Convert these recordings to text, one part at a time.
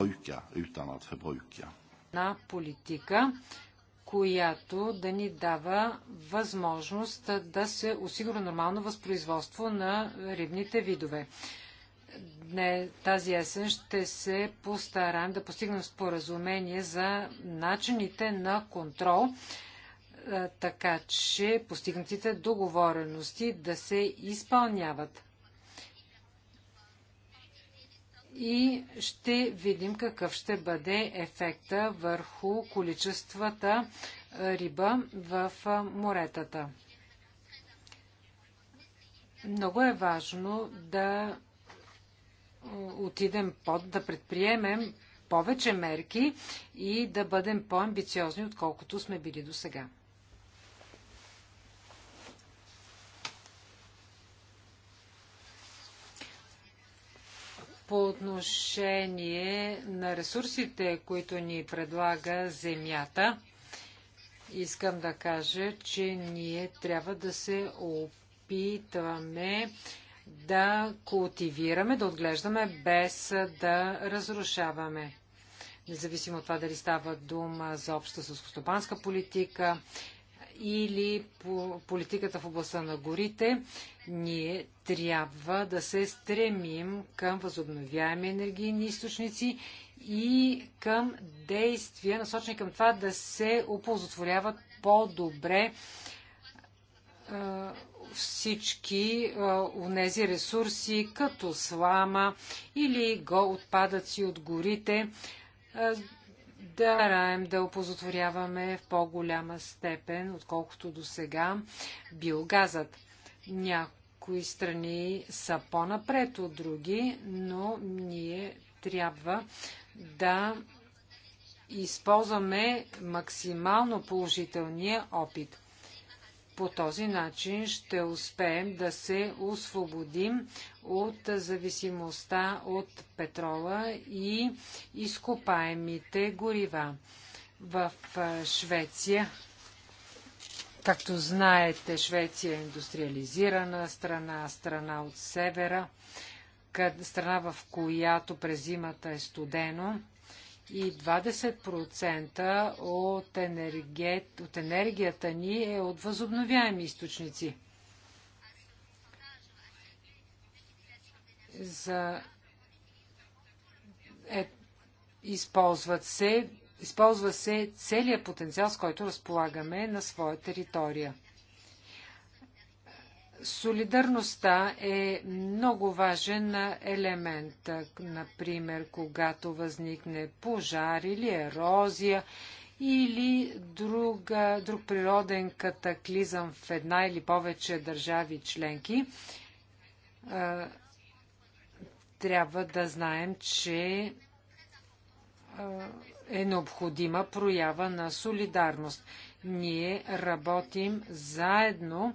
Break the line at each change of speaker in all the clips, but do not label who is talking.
бройка, utan att förbruka.
На политика, която да ни дава възможност да се осигури нормално възпроизводство на рибните видове. Не, тази есен ще се постараем да постигнем споразумение за начините на контрол, е, така че постигнатите договорености да се изпълняват. и ще видим какъв ще бъде ефекта върху количествата риба в моретата. Много е важно да отидем под, да предприемем повече мерки и да бъдем по-амбициозни, отколкото сме били до сега. по отношение на ресурсите, които ни предлага земята, искам да кажа, че ние трябва да се опитваме да култивираме, да отглеждаме, без да разрушаваме. Независимо от това дали става дума за обща сълскостопанска политика или по политиката в областта на горите, ние трябва да се стремим към възобновяеми енергийни източници и към действия, насочени към това да се оползотворяват по-добре е, всички у е, нези ресурси, като слама или го отпадъци от горите. Е, да стараем да опозотворяваме в по-голяма степен, отколкото до сега, биогазът. Някои страни са по-напред от други, но ние трябва да използваме максимално положителния опит. По този начин ще успеем да се освободим от зависимостта от петрола и изкопаемите горива. В Швеция Както знаете, Швеция е индустриализирана страна, страна от севера, страна в която през зимата е студено и 20% от, от енергията ни е от възобновяеми източници. За... Е... Използват се... Използва се целият потенциал, с който разполагаме на своя територия. Солидарността е много важен елемент. Например, когато възникне пожар или ерозия, или друга, друг природен катаклизъм в една или повече държави членки, трябва да знаем, че е необходима проява на солидарност. Ние работим заедно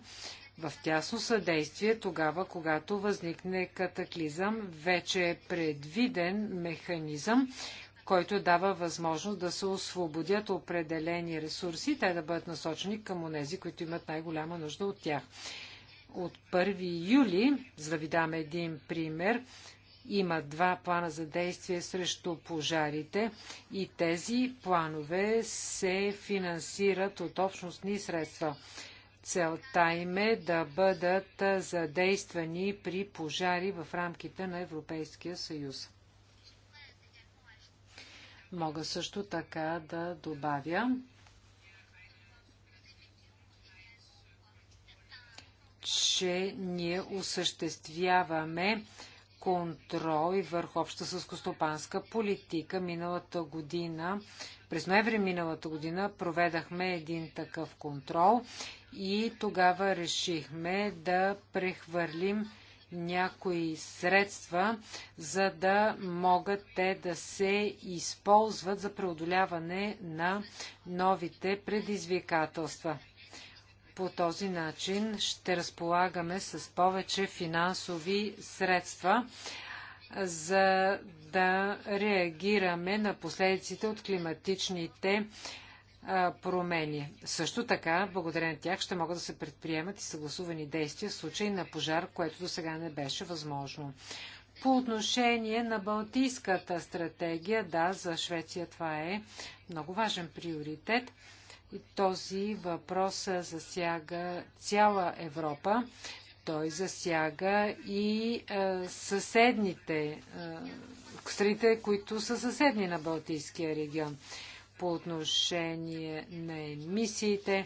в тясно съдействие тогава, когато възникне катаклизъм. Вече е предвиден механизъм, който дава възможност да се освободят определени ресурси те да бъдат насочени към онези, които имат най-голяма нужда от тях. От 1 юли, за да ви дам един пример, има два плана за действие срещу пожарите и тези планове се финансират от общностни средства. Целта им е да бъдат задействани при пожари в рамките на Европейския съюз. Мога също така да добавя, че ние осъществяваме контрол и върху обща съскостопанска политика. Миналата година, през ноември миналата година, проведахме един такъв контрол и тогава решихме да прехвърлим някои средства, за да могат те да се използват за преодоляване на новите предизвикателства. По този начин ще разполагаме с повече финансови средства, за да реагираме на последиците от климатичните промени. Също така, благодаря на тях, ще могат да се предприемат и съгласувани действия в случай на пожар, което до сега не беше възможно. По отношение на Балтийската стратегия, да, за Швеция това е много важен приоритет. И този въпрос засяга цяла Европа. Той засяга и е, съседните, е, страните, които са съседни на Балтийския регион. Е, по отношение на емисиите.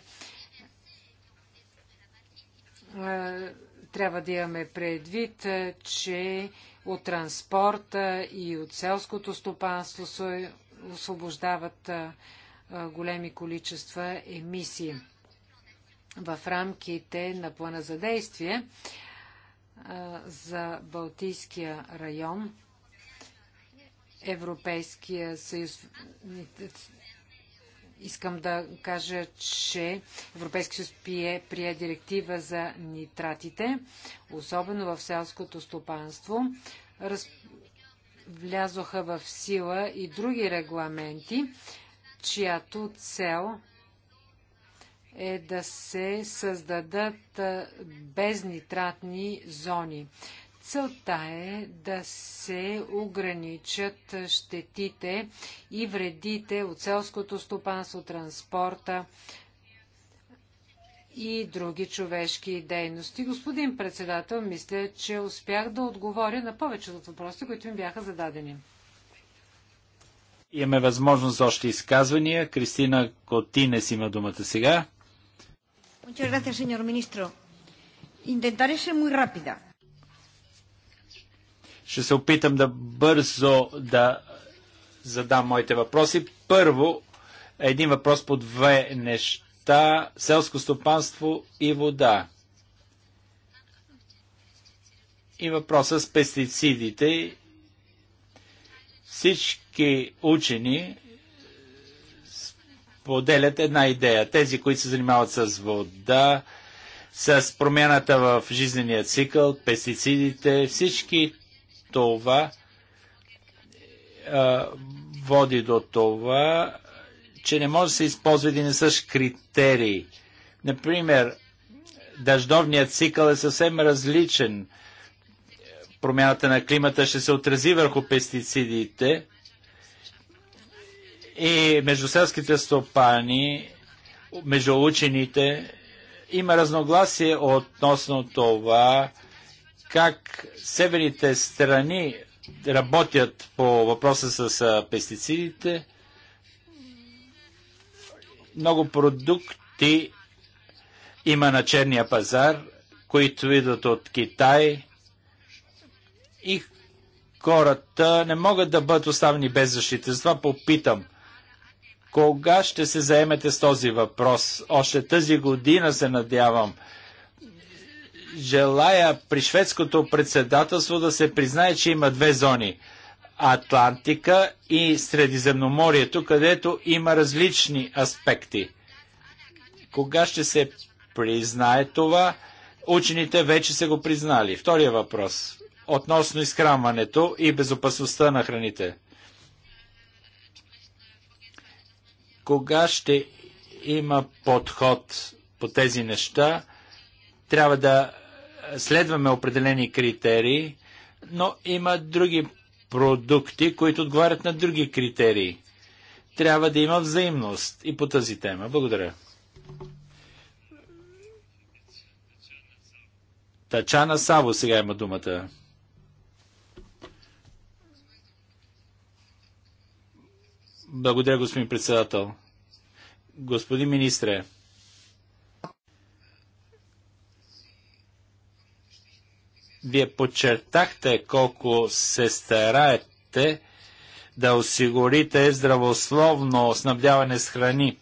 Е, трябва да имаме предвид, е, че от транспорта и от селското стопанство се освобождават е, големи количества емисии. В рамките на плана за действие за Балтийския район Европейския съюз Искам да кажа, че Европейски съюз прие, прие директива за нитратите, особено в селското стопанство. Раз... Влязоха в сила и други регламенти, чиято цел е да се създадат безнитратни зони. Целта е да се ограничат щетите и вредите от селското стопанство, транспорта и други човешки дейности. Господин председател, мисля, че успях да отговоря на повечето от въпросите, които ми бяха зададени.
Имаме възможност за още изказвания. Кристина Котинес има думата сега.
Благодаря, gracias, señor ministro.
Intentaré ser
ще се опитам да бързо да задам моите въпроси. Първо, един въпрос по две неща. Селско стопанство и вода. И въпроса с пестицидите. Всички учени поделят една идея. Тези, които се занимават с вода, с промяната в жизнения цикъл, пестицидите, всички това а, води до това, че не може да се използва един и същ критерий. Например, дъждовният цикъл е съвсем различен. Промяната на климата ще се отрази върху пестицидите и между селските стопани, между учените има разногласие относно това, как северните страни работят по въпроса с пестицидите. Много продукти има на черния пазар, които идват от Китай и хората не могат да бъдат оставени без защита. Затова попитам, кога ще се заемете с този въпрос? Още тази година се надявам желая при шведското председателство да се признае, че има две зони. Атлантика и Средиземноморието, където има различни аспекти. Кога ще се признае това? Учените вече са го признали. Втория въпрос. Относно изхранването и безопасността на храните. Кога ще има подход по тези неща? трябва да следваме определени критерии, но има други продукти, които отговарят на други критерии. Трябва да има взаимност и по тази тема. Благодаря. Тачана Саво сега има думата. Благодаря, господин председател. Господин министре, Вие подчертахте колко се стараете да осигурите здравословно снабдяване с храни.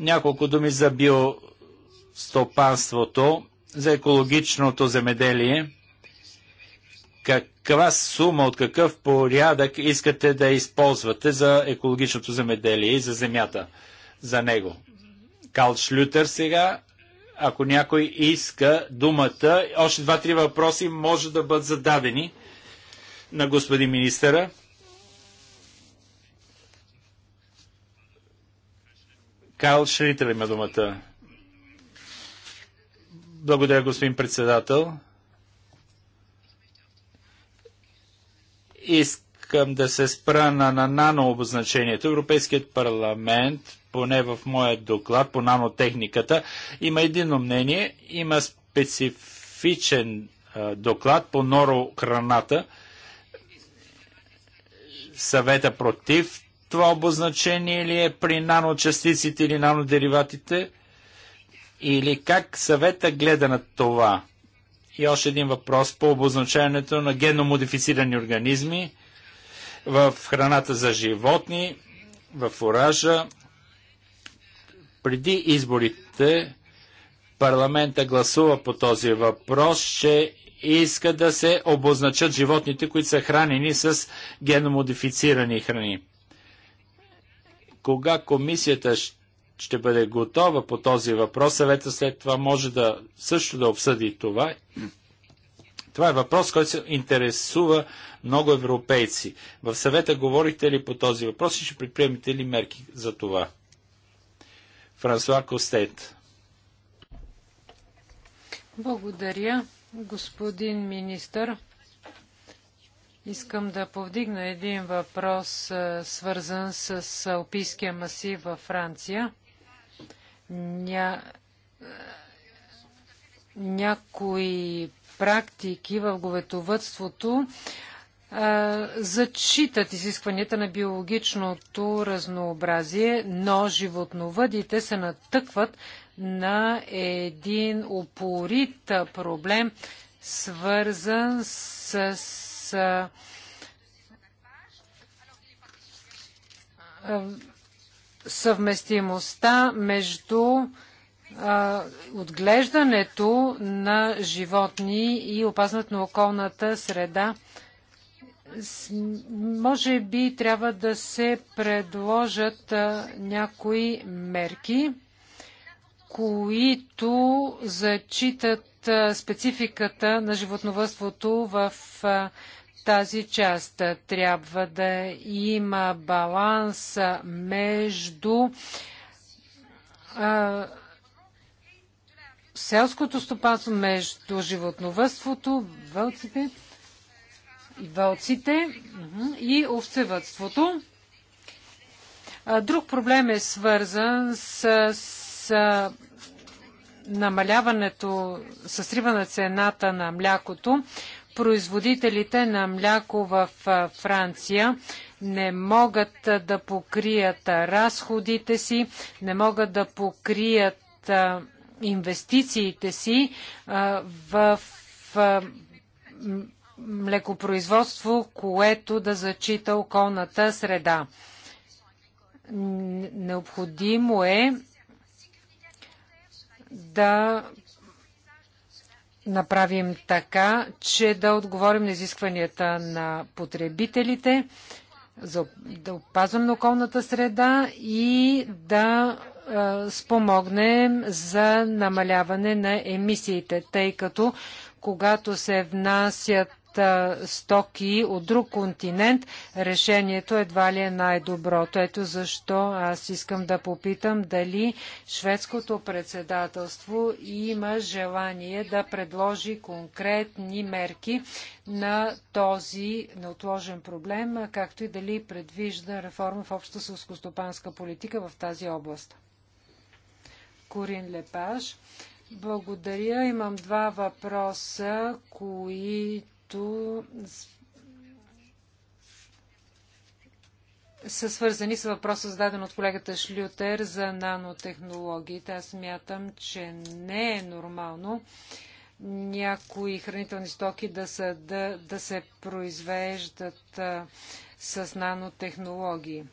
Няколко думи за биостопанството, за екологичното земеделие. Каква сума, от какъв порядък искате да използвате за екологичното земеделие и за земята, за него? Карл Шлютер сега ако някой иска думата, още два-три въпроси може да бъдат зададени на господин министъра. Кайл Шрител има думата. Благодаря, господин председател. Искам да се спра на, на нано обозначението. Европейският парламент поне в моя доклад по нанотехниката, има едино мнение, има специфичен а, доклад по норохраната, съвета против това обозначение ли е при наночастиците или нанодериватите, или как съвета гледа на това? И още един въпрос по обозначението на генномодифицирани организми в храната за животни, в оража, преди изборите парламента гласува по този въпрос, че иска да се обозначат животните, които са хранени с геномодифицирани храни. Кога комисията ще бъде готова по този въпрос, съвета след това може да също да обсъди това. Това е въпрос, който се интересува много европейци. В съвета говорите ли по този въпрос и ще предприемете ли мерки за това? Франсуа Костет.
Благодаря, господин министър. Искам да повдигна един въпрос, свързан с Алпийския масив във Франция. Ня... Някои практики в говетовътството зачитат изискванията на биологичното разнообразие, но животновъдите се натъкват на един опорит проблем, свързан с, с съвместимостта между отглеждането на животни и опазването на околната среда може би трябва да се предложат някои мерки, които зачитат спецификата на животновътството в тази част. Трябва да има баланс между селското стопанство, между животновътството, вълците вълците и овцевътството. Друг проблем е свързан с, с намаляването, с срива цената на млякото. Производителите на мляко в Франция не могат да покрият разходите си, не могат да покрият инвестициите си в млекопроизводство, което да зачита околната среда. Необходимо е да направим така, че да отговорим на изискванията на потребителите, за, да опазваме околната среда и да спомогнем за намаляване на емисиите, тъй като когато се внасят стоки от друг континент, решението едва ли е най-доброто. Ето защо аз искам да попитам дали шведското председателство има желание да предложи конкретни мерки на този неотложен проблем, както и дали предвижда реформа в обща сълскостопанска политика в тази област. Корин Лепаш. Благодаря. Имам два въпроса, които които са свързани с въпроса, зададен от колегата Шлютер за нанотехнологиите. Аз мятам, че не е нормално някои хранителни стоки да, са, да, да се произвеждат а, с нанотехнологии.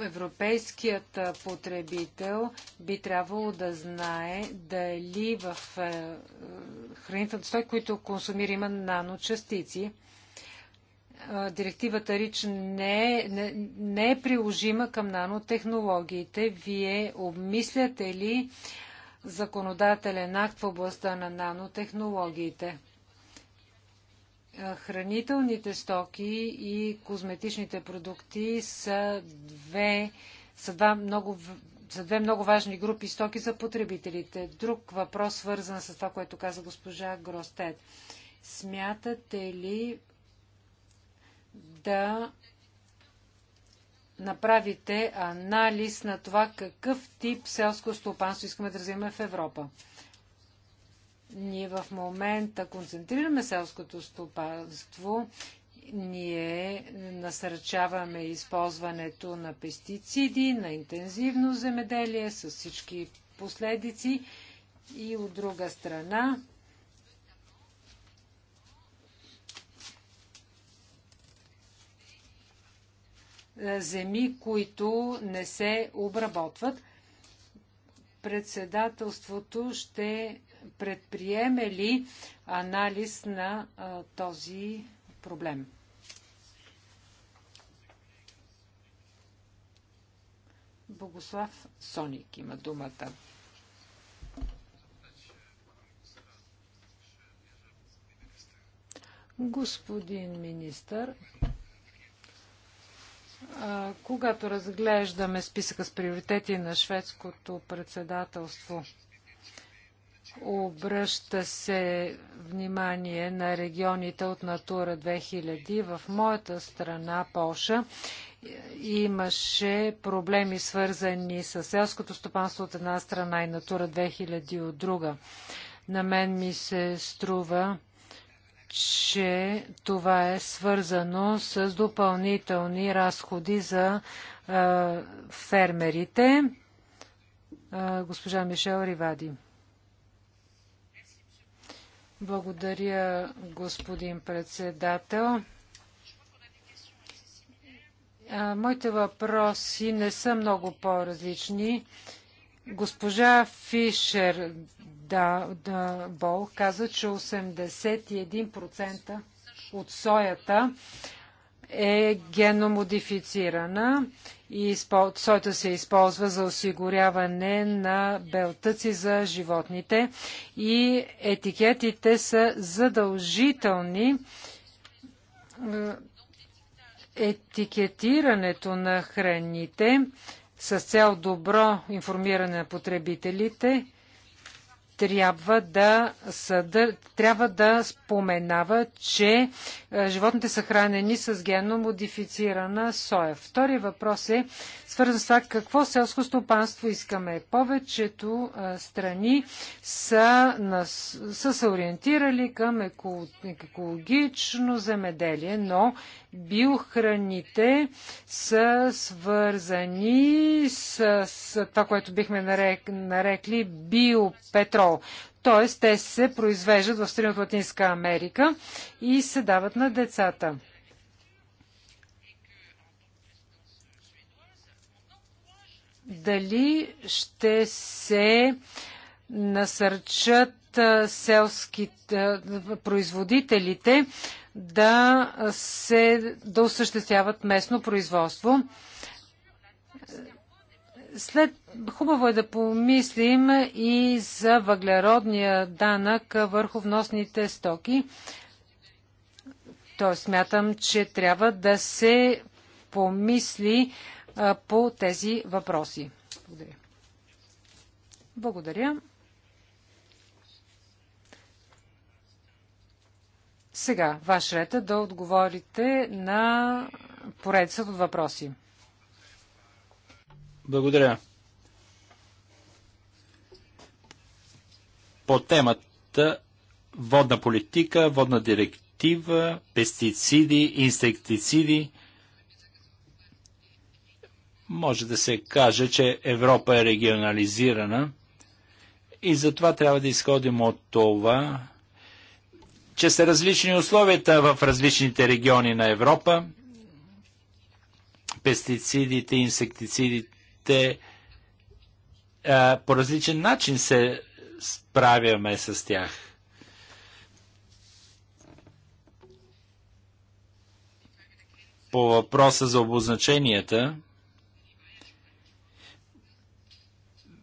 Европейският потребител би трябвало да знае дали в хранителната стой, които консумира, има наночастици. Директивата РИЧ не е, не, не е приложима към нанотехнологиите. Вие обмисляте ли законодателен акт в областта на нанотехнологиите? хранителните стоки и козметичните продукти са две, са два много, са две много важни групи стоки за потребителите. Друг въпрос, свързан с това, което каза госпожа Гростет. Смятате ли да направите анализ на това какъв тип селско стопанство искаме да развиваме в Европа? Ние в момента концентрираме селското стопанство, ние насърчаваме използването на пестициди, на интензивно земеделие с всички последици и от друга страна земи, които не се обработват. Председателството ще предприеме ли анализ на а, този проблем? Богослав Соник има думата. Господин министър, когато разглеждаме списъка с приоритети на шведското председателство, Обръща се внимание на регионите от Натура 2000. В моята страна, Полша, имаше проблеми свързани с селското стопанство от една страна и Натура 2000 от друга. На мен ми се струва, че това е свързано с допълнителни разходи за фермерите. Е, госпожа Мишел Ривади. Благодаря, господин председател. Моите въпроси не са много по-различни. Госпожа Фишер да, да, Бол каза, че 81% от соята е геномодифицирана. Той да се използва за осигуряване на белтъци за животните и етикетите са задължителни. Е, етикетирането на храните с цел добро информиране на потребителите трябва да, съдър... трябва да споменава, че е, животните са хранени с генно модифицирана соя. Втори въпрос е свързан с това какво селско стопанство искаме. Повечето е, страни са, нас... са се ориентирали към екологично земеделие, но биохраните са свързани с, с това, което бихме нарек, нарекли биопетрол. Т.е. те се произвеждат в страни от Латинска Америка и се дават на децата. Дали ще се насърчат селските производителите да, се, да осъществяват местно производство. След хубаво е да помислим и за въглеродния данък върху вносните стоки. Тоест, смятам, че трябва да се помисли по тези въпроси. Благодаря. Благодаря. Сега, ваш ред е да отговорите на поредицата от въпроси.
Благодаря. По темата водна политика, водна директива, пестициди, инсектициди, може да се каже, че Европа е регионализирана и затова трябва да изходим от това, че са различни условията в различните региони на Европа. Пестицидите, инсектицидите по различен начин се справяме с тях. По въпроса за обозначенията,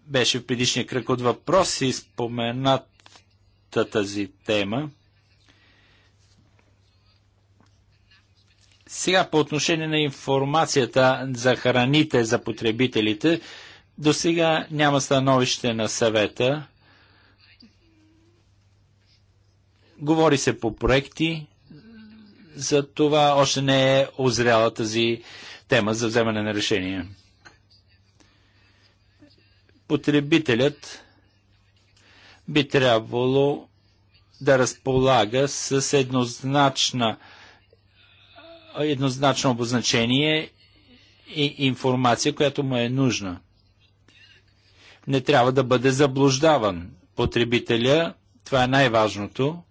беше в предишния кръг от въпроси споменат тази тема. Сега по отношение на информацията за храните за потребителите, до сега няма становище на съвета. Говори се по проекти, за това още не е озряла тази тема за вземане на решение. Потребителят би трябвало да разполага с еднозначна еднозначно обозначение и информация, която му е нужна. Не трябва да бъде заблуждаван потребителя. Това е най-важното.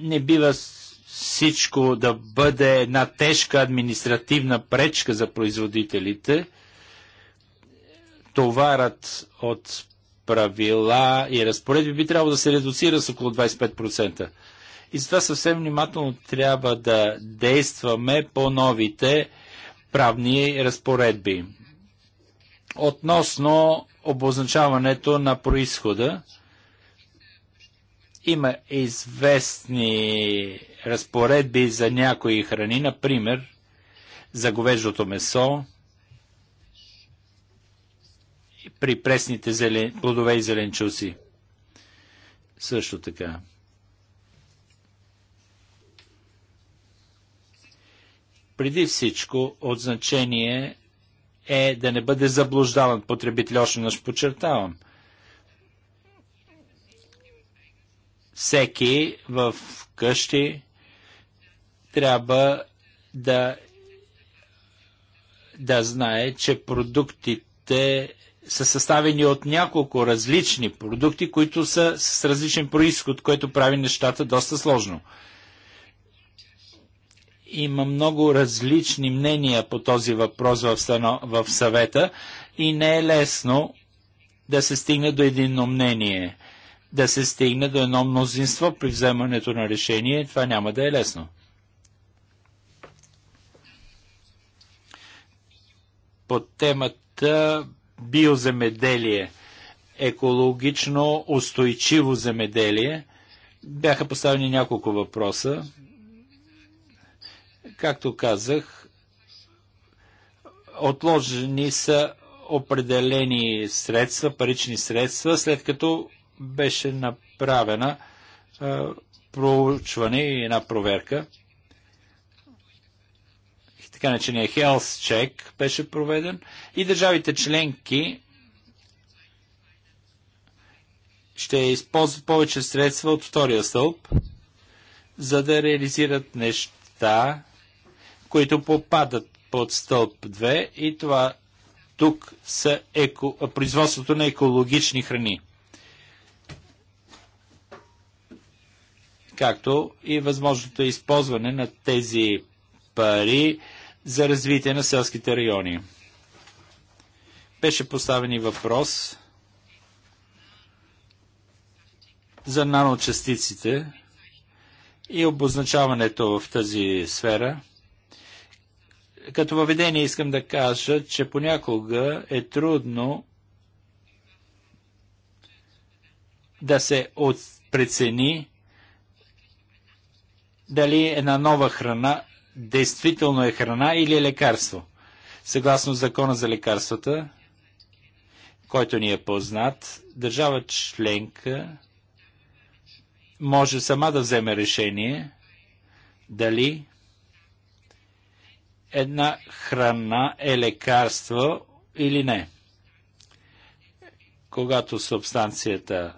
Не бива всичко да бъде една тежка административна пречка за производителите – товарът от правила и разпоредби би трябвало да се редуцира с около 25%. И затова съвсем внимателно трябва да действаме по новите правни разпоредби. Относно обозначаването на происхода, има известни разпоредби за някои храни, например за говеждото месо, при пресните зелен... плодове и зеленчуци. Също така. Преди всичко, от значение е да не бъде заблуждаван потребител, още наш подчертавам. Всеки в къщи трябва да, да знае, че продуктите са съставени от няколко различни продукти, които са с различен происход, което прави нещата доста сложно. Има много различни мнения по този въпрос в, съвета и не е лесно да се стигне до едно мнение, да се стигне до едно мнозинство при вземането на решение. Това няма да е лесно. По темата биоземеделие, екологично устойчиво земеделие. Бяха поставени няколко въпроса. Както казах, отложени са определени средства, парични средства, след като беше направена проучване и една проверка така начиня Health Check беше проведен и държавите членки ще използват повече средства от втория стълб, за да реализират неща, които попадат под стълб 2 и това тук са еко, производството на екологични храни. Както и възможното използване на тези пари за развитие на селските райони. Беше поставен и въпрос за наночастиците и обозначаването в тази сфера. Като въведение искам да кажа, че понякога е трудно да се прецени дали една нова храна действително е храна или е лекарство. Съгласно закона за лекарствата, който ни е познат, държава членка може сама да вземе решение дали една храна е лекарство или не. Когато субстанцията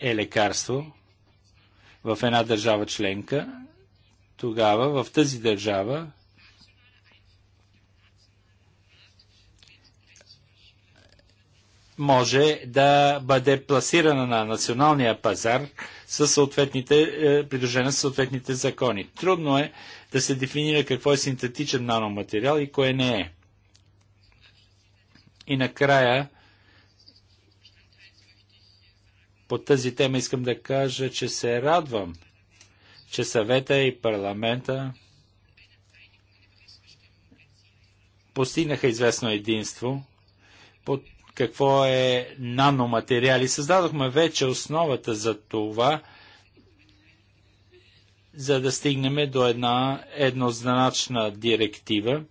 е лекарство в една държава членка, тогава в тази държава може да бъде пласирана на националния пазар със съответните, е, придружена с съответните закони. Трудно е да се дефинира какво е синтетичен наноматериал и кое не е. И накрая, по тази тема искам да кажа, че се радвам – че съвета и парламента постигнаха известно единство по какво е наноматериали. Създадохме вече основата за това, за да стигнем до една еднозначна директива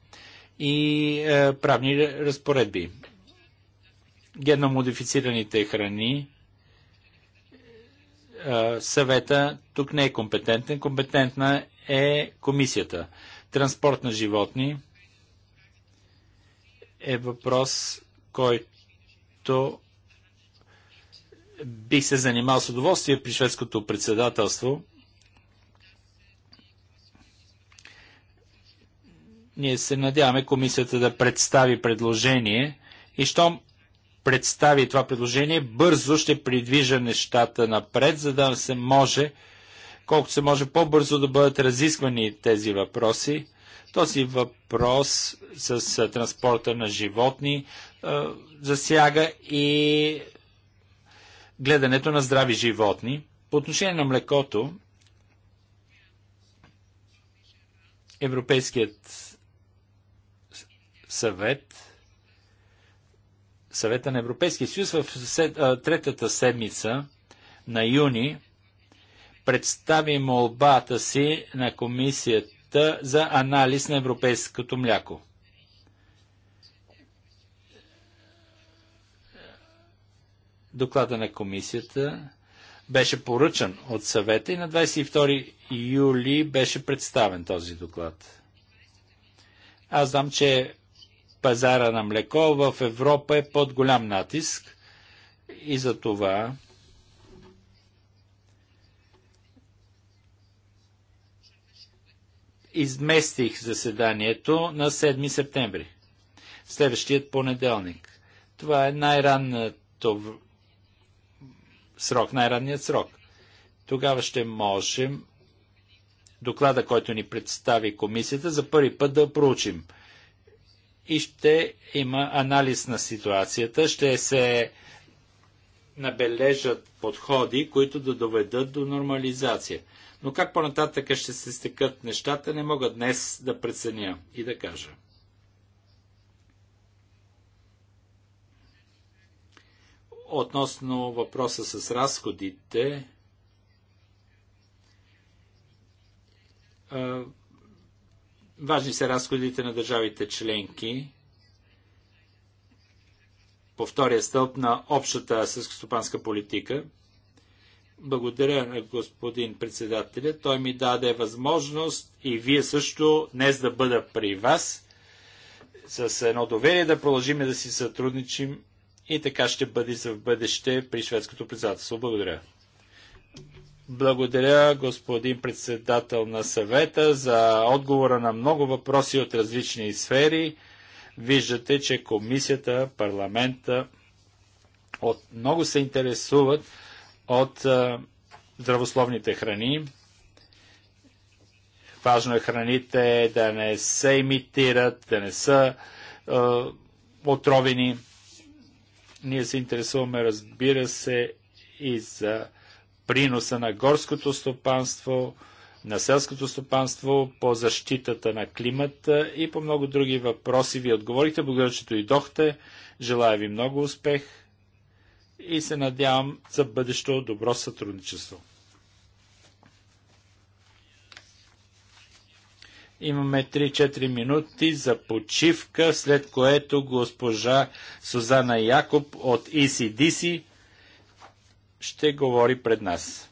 и е, правни разпоредби. Генномодифицираните храни съвета тук не е компетентен. Компетентна е комисията. Транспорт на животни е въпрос, който бих се занимал с удоволствие при шведското председателство. Ние се надяваме комисията да представи предложение и щом представи това предложение, бързо ще придвижа нещата напред, за да се може, колкото се може по-бързо да бъдат разисквани тези въпроси. Този въпрос с транспорта на животни засяга и гледането на здрави животни. По отношение на млекото, Европейският съвет съвета на Европейския съюз в третата седмица на юни представи молбата си на комисията за анализ на европейското мляко. Доклада на комисията беше поръчан от съвета и на 22 юли беше представен този доклад. Аз знам, че пазара на млеко в Европа е под голям натиск и за това изместих заседанието на 7 септември, следващият понеделник. Това е най-ранното срок, най-ранният срок. Тогава ще можем доклада, който ни представи комисията, за първи път да проучим – и ще има анализ на ситуацията, ще се набележат подходи, които да доведат до нормализация. Но как по-нататък ще се стекат нещата, не мога днес да преценя и да кажа. Относно въпроса с разходите, Важни са разходите на държавите членки по втория стълб на общата съскостопанска политика. Благодаря на господин председателя. Той ми даде възможност и вие също днес да бъда при вас с едно доверие да продължим да си сътрудничим и така ще бъде за в бъдеще при шведското председателство. Благодаря. Благодаря, господин председател на съвета, за отговора на много въпроси от различни сфери. Виждате, че комисията, парламента от, много се интересуват от здравословните храни. Важно е храните да не се имитират, да не са е, отровени. Ние се интересуваме, разбира се, и за приноса на горското стопанство, на селското стопанство, по защитата на климата и по много други въпроси ви отговорихте. Благодаря, че дойдохте. Желая ви много успех и се надявам за бъдещо добро сътрудничество. Имаме 3-4 минути за почивка, след което госпожа Сузана Якоб от ECDC ще говори пред нас.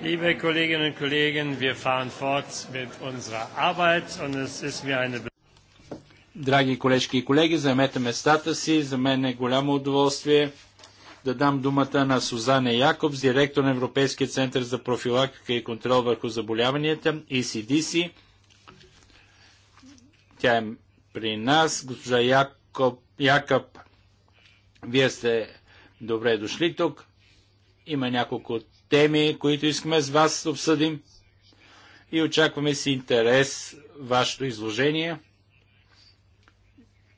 Liebe Kolleginnen und Kollegen, wir fahren fort mit unserer Arbeit und es ist mir eine Драги колежки и колеги, заемете местата си. За мен е голямо удоволствие да дам думата на Сузане Якобс, директор на Европейския център за профилактика и контрол върху заболяванията, ECDC. Тя е при нас. Госпожа Якоб, Якоб, вие сте добре дошли тук. Има няколко теми, които искаме с вас да обсъдим и очакваме с интерес вашето изложение,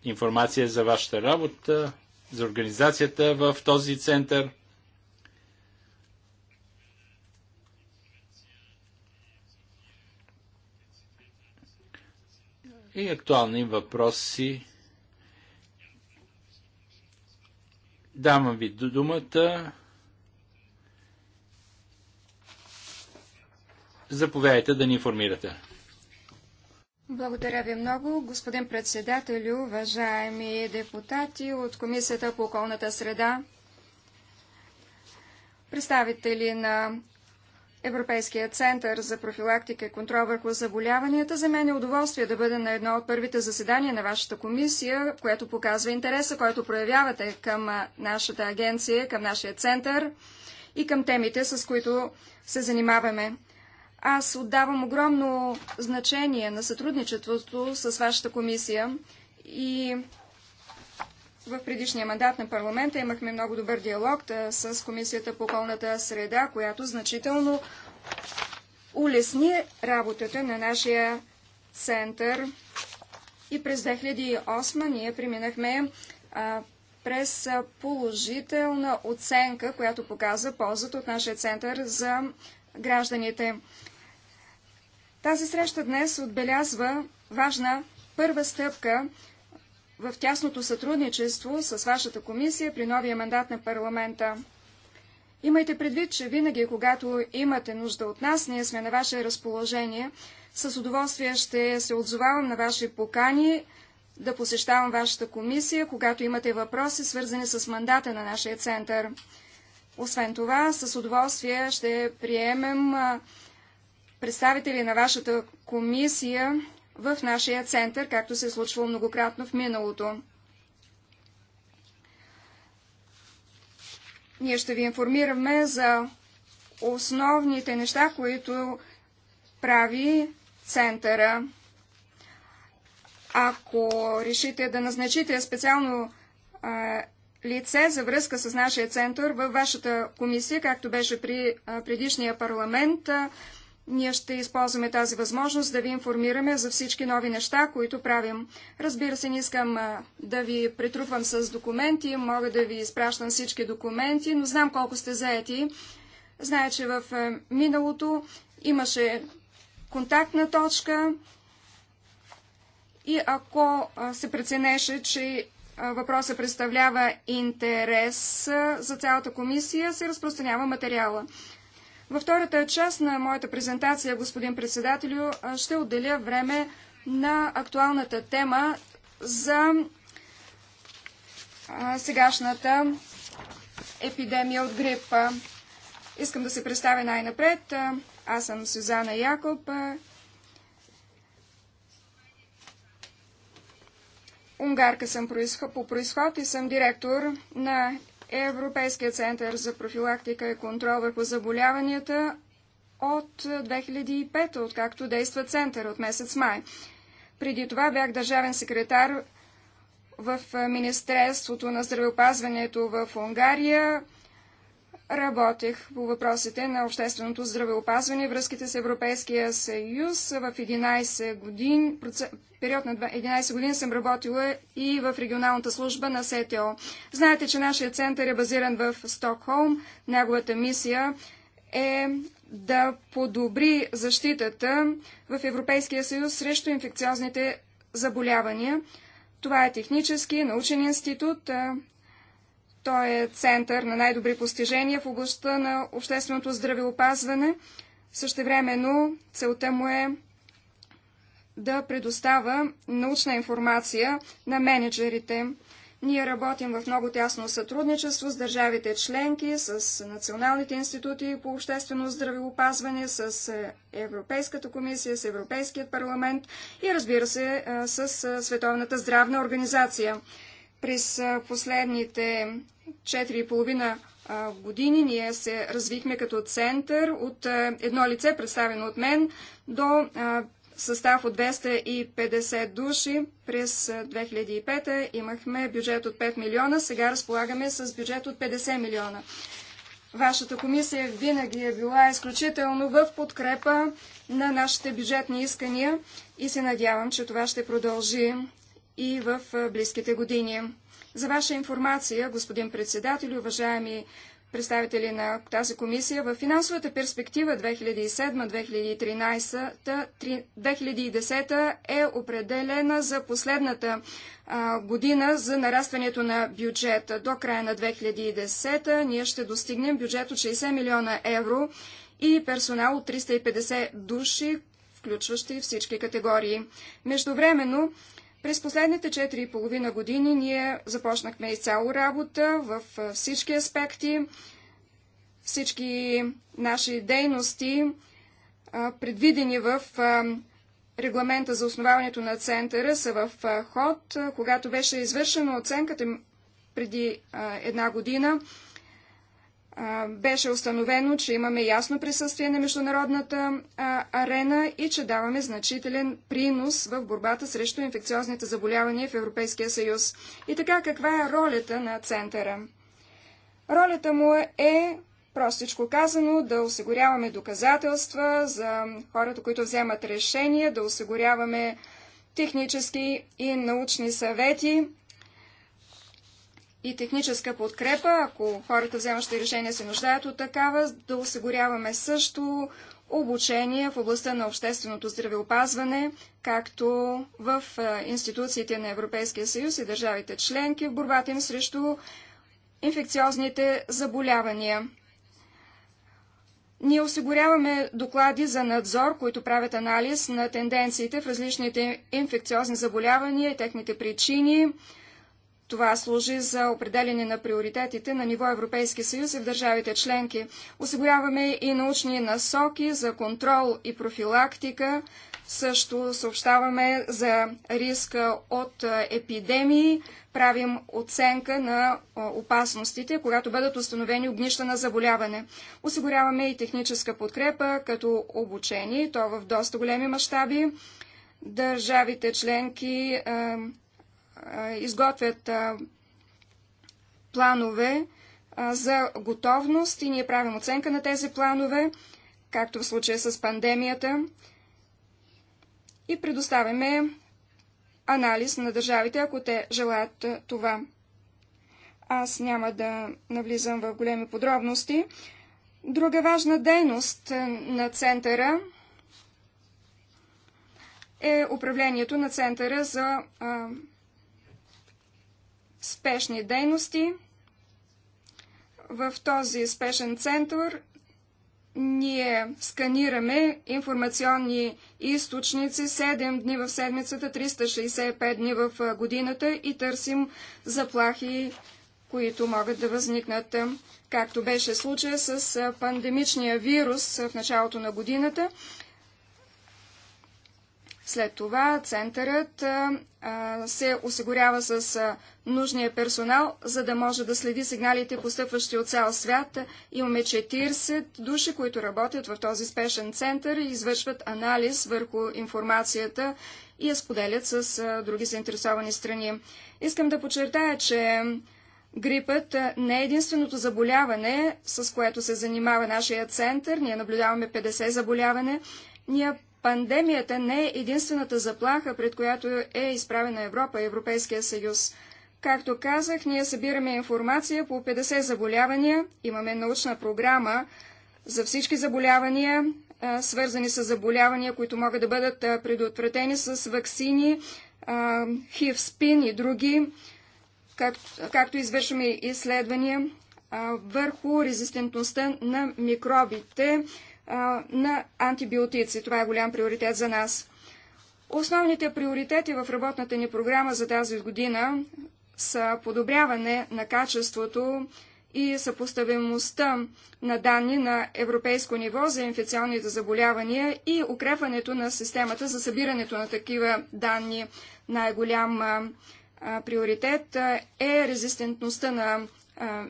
информация за вашата работа, за организацията в този център. И актуални въпроси. Давам ви думата Заповядайте да ни информирате.
Благодаря ви много, господин председателю, уважаеми депутати от Комисията по околната среда, представители на Европейския център за профилактика и контрол върху заболяванията. За мен е удоволствие да бъда на едно от първите заседания на вашата комисия, което показва интереса, който проявявате към нашата агенция, към нашия център и към темите, с които се занимаваме. Аз отдавам огромно значение на сътрудничеството с вашата комисия и в предишния мандат на парламента имахме много добър диалог с Комисията по околната среда, която значително улесни работата на нашия център. И през 2008 ние преминахме а, през положителна оценка, която показа ползата от нашия център за гражданите. Тази среща днес отбелязва важна първа стъпка в тясното сътрудничество с вашата комисия при новия мандат на парламента. Имайте предвид, че винаги, когато имате нужда от нас, ние сме на ваше разположение. С удоволствие ще се отзовавам на ваши покани да посещавам вашата комисия, когато имате въпроси, свързани с мандата на нашия център. Освен това, с удоволствие ще приемем представители на вашата комисия в нашия център, както се е случвало многократно в миналото. Ние ще ви информираме за основните неща, които прави центъра. Ако решите да назначите специално лице за връзка с нашия център във вашата комисия, както беше при предишния парламент, ние ще използваме тази възможност да ви информираме за всички нови неща, които правим. Разбира се, не искам да ви притрупвам с документи, мога да ви изпращам всички документи, но знам колко сте заети. Зная, че в миналото имаше контактна точка и ако се преценеше, че въпросът представлява интерес за цялата комисия, се разпространява материала. Във втората част на моята презентация, господин председателю, ще отделя време на актуалната тема за сегашната епидемия от грипа. Искам да се представя най-напред. Аз съм Сюзана Якоб. Унгарка съм по происход и съм директор на Европейския център за профилактика и контрол върху заболяванията от 2005, откакто действа център от месец май. Преди това бях държавен секретар в Министерството на здравеопазването в Унгария, Работех по въпросите на общественото здравеопазване, връзките с Европейския съюз. В 11 години, период на 11 години съм работила и в регионалната служба на СТО. Знаете, че нашия център е базиран в Стокхолм. Неговата мисия е да подобри защитата в Европейския съюз срещу инфекциозните заболявания. Това е технически научен институт, той е център на най-добри постижения в областта на общественото здравеопазване. Същевременно целта му е да предостава научна информация на менеджерите. Ние работим в много тясно сътрудничество с държавите членки, с националните институти по обществено здравеопазване, с е, Европейската комисия, с Европейският парламент и разбира се е, с е, Световната здравна организация. През последните 4,5 години ние се развихме като център от едно лице, представено от мен, до състав от 250 души. През 2005 имахме бюджет от 5 милиона, сега разполагаме с бюджет от 50 милиона. Вашата комисия винаги е била изключително в подкрепа на нашите бюджетни искания и се надявам, че това ще продължи и в близките години. За ваша информация, господин председател, уважаеми представители на тази комисия, в финансовата перспектива 2007-2013-2010 е определена за последната година за нарастването на бюджета. До края на 2010 ние ще достигнем бюджет от 60 милиона евро и персонал от 350 души, включващи всички категории. Междувременно, през последните 4,5 години ние започнахме изцяло работа в всички аспекти, всички наши дейности, предвидени в регламента за основаването на центъра, са в ход. Когато беше извършена оценката преди една година, беше установено, че имаме ясно присъствие на международната арена и че даваме значителен принос в борбата срещу инфекциозните заболявания в Европейския съюз. И така, каква е ролята на центъра? Ролята му е, простичко казано, да осигуряваме доказателства за хората, които вземат решения, да осигуряваме технически и научни съвети, и техническа подкрепа, ако хората вземащи решения се нуждаят от такава, да осигуряваме също обучение в областта на общественото здравеопазване, както в институциите на Европейския съюз и държавите членки в борбата им срещу инфекциозните заболявания. Ние осигуряваме доклади за надзор, които правят анализ на тенденциите в различните инфекциозни заболявания и техните причини, това служи за определене на приоритетите на ниво Европейски съюз и в държавите членки. Осигуряваме и научни насоки за контрол и профилактика. Също съобщаваме за риска от епидемии. Правим оценка на опасностите, когато бъдат установени огнища на заболяване. Осигуряваме и техническа подкрепа, като обучение, то в доста големи мащаби. Държавите членки изготвят планове за готовност и ние правим оценка на тези планове, както в случая с пандемията, и предоставяме анализ на държавите, ако те желаят това. Аз няма да навлизам в големи подробности. Друга важна дейност на центъра е управлението на центъра за спешни дейности. В този спешен център ние сканираме информационни източници 7 дни в седмицата, 365 дни в годината и търсим заплахи, които могат да възникнат, както беше случая с пандемичния вирус в началото на годината. След това центърът се осигурява с нужния персонал, за да може да следи сигналите, постъпващи от цял свят. Имаме 40 души, които работят в този спешен център и извършват анализ върху информацията и я споделят с други заинтересовани страни. Искам да подчертая, че Грипът не е единственото заболяване, с което се занимава нашия център. Ние наблюдаваме 50 заболяване. Ние Пандемията не е единствената заплаха, пред която е изправена Европа и Европейския съюз. Както казах, ние събираме информация по 50 заболявания, имаме научна програма за всички заболявания, свързани с заболявания, които могат да бъдат предотвратени с вакцини, HIV, SPIN и други, как, както извършваме изследвания върху резистентността на микробите на антибиотици. Това е голям приоритет за нас. Основните приоритети в работната ни програма за тази година са подобряване на качеството и съпоставимостта на данни на европейско ниво за инфекционните заболявания и укрепването на системата за събирането на такива данни. Най-голям приоритет е резистентността на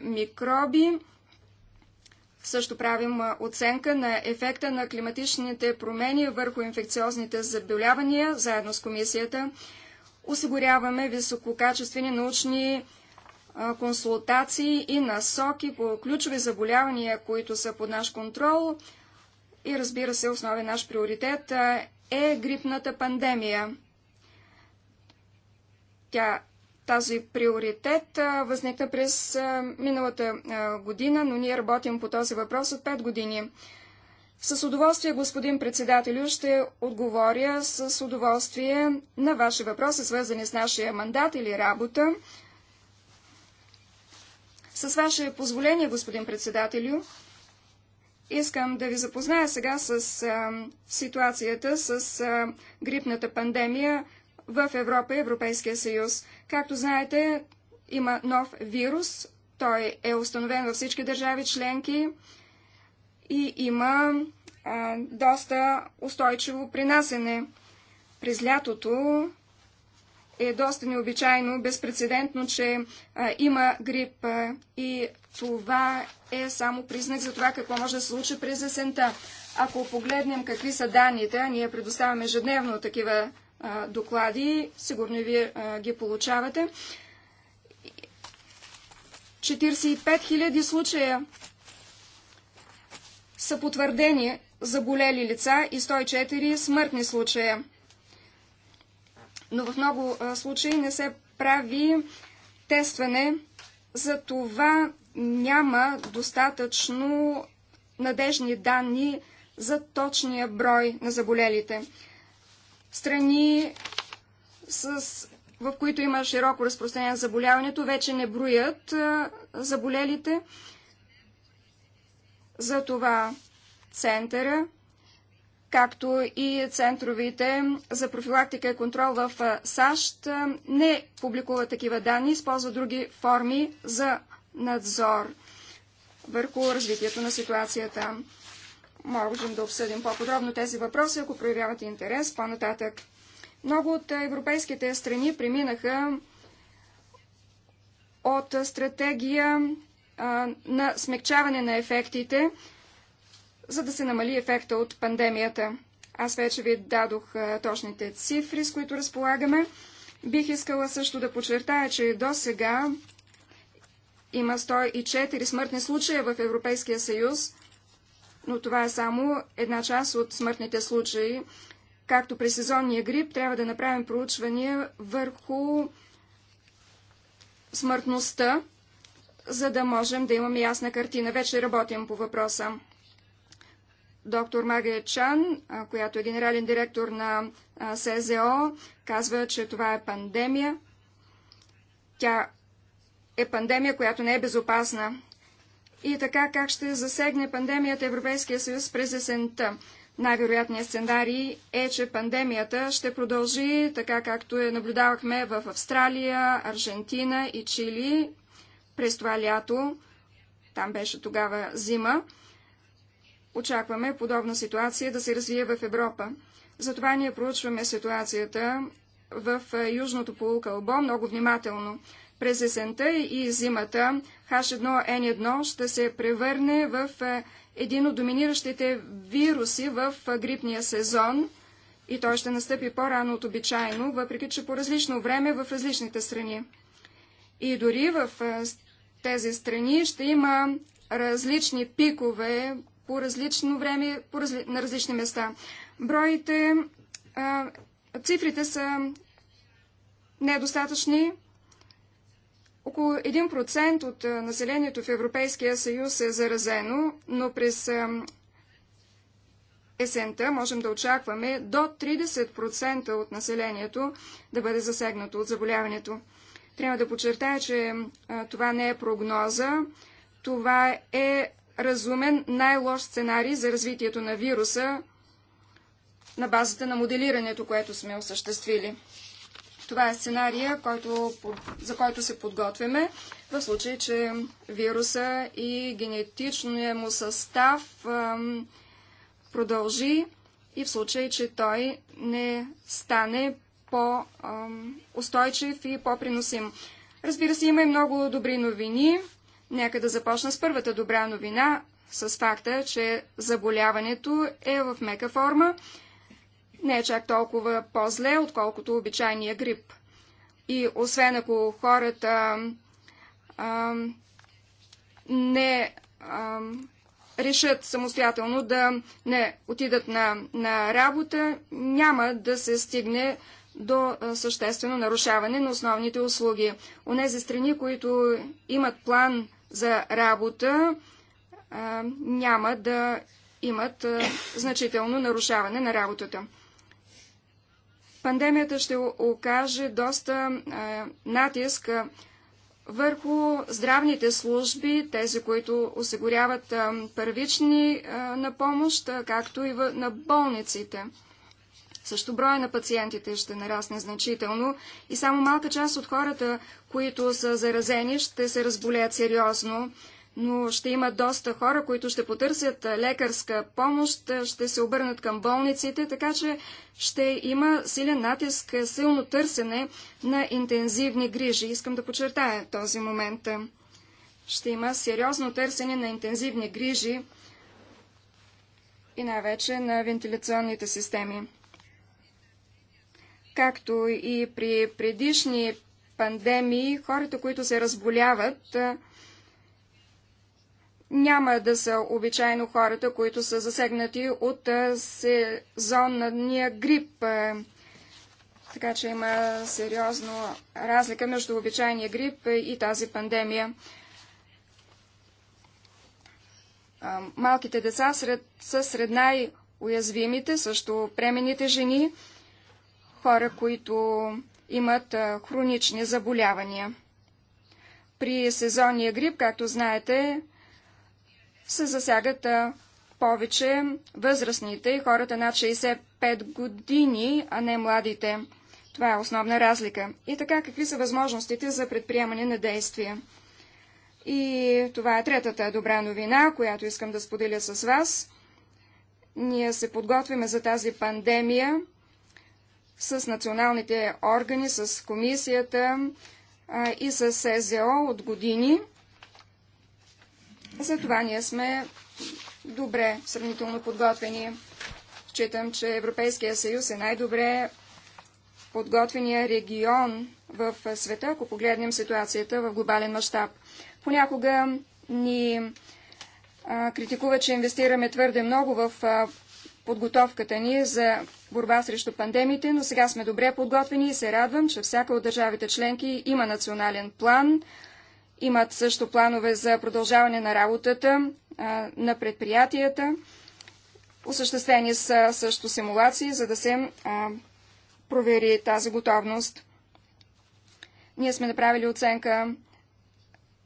микроби. Също правим оценка на ефекта на климатичните промени върху инфекциозните заболявания, заедно с комисията. Осигуряваме висококачествени научни консултации и насоки по ключови заболявания, които са под наш контрол. И разбира се, основен наш приоритет е грипната пандемия. Тя тази приоритет възникна през миналата година, но ние работим по този въпрос от 5 години. С удоволствие, господин председателю, ще отговоря с удоволствие на ваши въпроси, свързани с нашия мандат или работа. С ваше позволение, господин председателю, искам да ви запозная сега с ситуацията с грипната пандемия в Европа и Европейския съюз. Както знаете, има нов вирус, той е установен във всички държави членки и има а, доста устойчиво принасене. През лятото е доста необичайно, безпредседентно, че а, има грип а, и това е само признак за това какво може да се случи през есента. Ако погледнем какви са данните, ние предоставяме ежедневно такива доклади, сигурно и вие ги получавате. 45 000 случая са потвърдени заболели лица и 104 смъртни случая. Но в много случаи не се прави тестване, за това няма достатъчно надежни данни за точния брой на заболелите страни, с, в които има широко разпространение на заболяването, вече не броят заболелите. Затова центъра, както и центровите за профилактика и контрол в САЩ, не публикуват такива данни, използват други форми за надзор върху развитието на ситуацията. Можем да обсъдим по-подробно тези въпроси, ако проявявате интерес по-нататък. Много от европейските страни преминаха от стратегия на смягчаване на ефектите, за да се намали ефекта от пандемията. Аз вече ви дадох точните цифри, с които разполагаме. Бих искала също да подчертая, че до сега има 104 смъртни случая в Европейския съюз – но това е само една част от смъртните случаи. Както при сезонния грип, трябва да направим проучвания върху смъртността, за да можем да имаме ясна картина. Вече работим по въпроса. Доктор Магия Чан, която е генерален директор на СЗО, казва, че това е пандемия. Тя е пандемия, която не е безопасна и така как ще засегне пандемията Европейския съюз през есента. Най-вероятният сценарий е, че пандемията ще продължи така както я наблюдавахме в Австралия, Аржентина и Чили през това лято. Там беше тогава зима. Очакваме подобна ситуация да се развие в Европа. Затова ние проучваме ситуацията в Южното полукълбо много внимателно. През есента и зимата H1N1 ще се превърне в е, един от доминиращите вируси в е, грипния сезон и той ще настъпи по-рано от обичайно, въпреки че по различно време в различните страни. И дори в е, тези страни ще има различни пикове по различно време, по разли... на различни места. Броите, цифрите са недостатъчни, около 1% от населението в Европейския съюз е заразено, но през есента можем да очакваме до 30% от населението да бъде засегнато от заболяването. Трябва да подчертая, че това не е прогноза, това е разумен най-лош сценарий за развитието на вируса на базата на моделирането, което сме осъществили. Това е сценария, който, за който се подготвяме в случай, че вируса и генетичният му състав ам, продължи и в случай, че той не стане по-устойчив и по-приносим. Разбира се, има и много добри новини. Нека да започна с първата добра новина, с факта, че заболяването е в мека форма не е чак толкова по-зле, отколкото обичайния грип. И освен ако хората а, не а, решат самостоятелно да не отидат на, на работа, няма да се стигне до съществено нарушаване на основните услуги. Онези страни, които имат план за работа, няма да имат а, значително нарушаване на работата. Пандемията ще окаже доста натиск върху здравните служби, тези, които осигуряват първични на помощ, както и на болниците. Също броя на пациентите ще нарасне значително и само малка част от хората, които са заразени, ще се разболеят сериозно но ще има доста хора, които ще потърсят лекарска помощ, ще се обърнат към болниците, така че ще има силен натиск, силно търсене на интензивни грижи. Искам да подчертая този момент. Ще има сериозно търсене на интензивни грижи и най-вече на вентиляционните системи. Както и при предишни пандемии, хората, които се разболяват, няма да са обичайно хората, които са засегнати от сезонния грип. Така че има сериозно разлика между обичайния грип и тази пандемия. Малките деца сред, са сред най-уязвимите, също премените жени, хора, които имат хронични заболявания. При сезонния грип, както знаете, се засягат повече възрастните и хората над 65 години, а не младите. Това е основна разлика. И така, какви са възможностите за предприемане на действия? И това е третата добра новина, която искам да споделя с вас. Ние се подготвяме за тази пандемия с националните органи, с комисията и с СЗО от години. Затова ние сме добре сравнително подготвени. Считам, че Европейския съюз е най-добре подготвения регион в света, ако погледнем ситуацията в глобален мащаб. Понякога ни а, критикува, че инвестираме твърде много в а, подготовката ни за борба срещу пандемиите, но сега сме добре подготвени и се радвам, че всяка от държавите членки има национален план имат също планове за продължаване на работата а, на предприятията. Осъществени са също симулации, за да се а, провери тази готовност. Ние сме направили оценка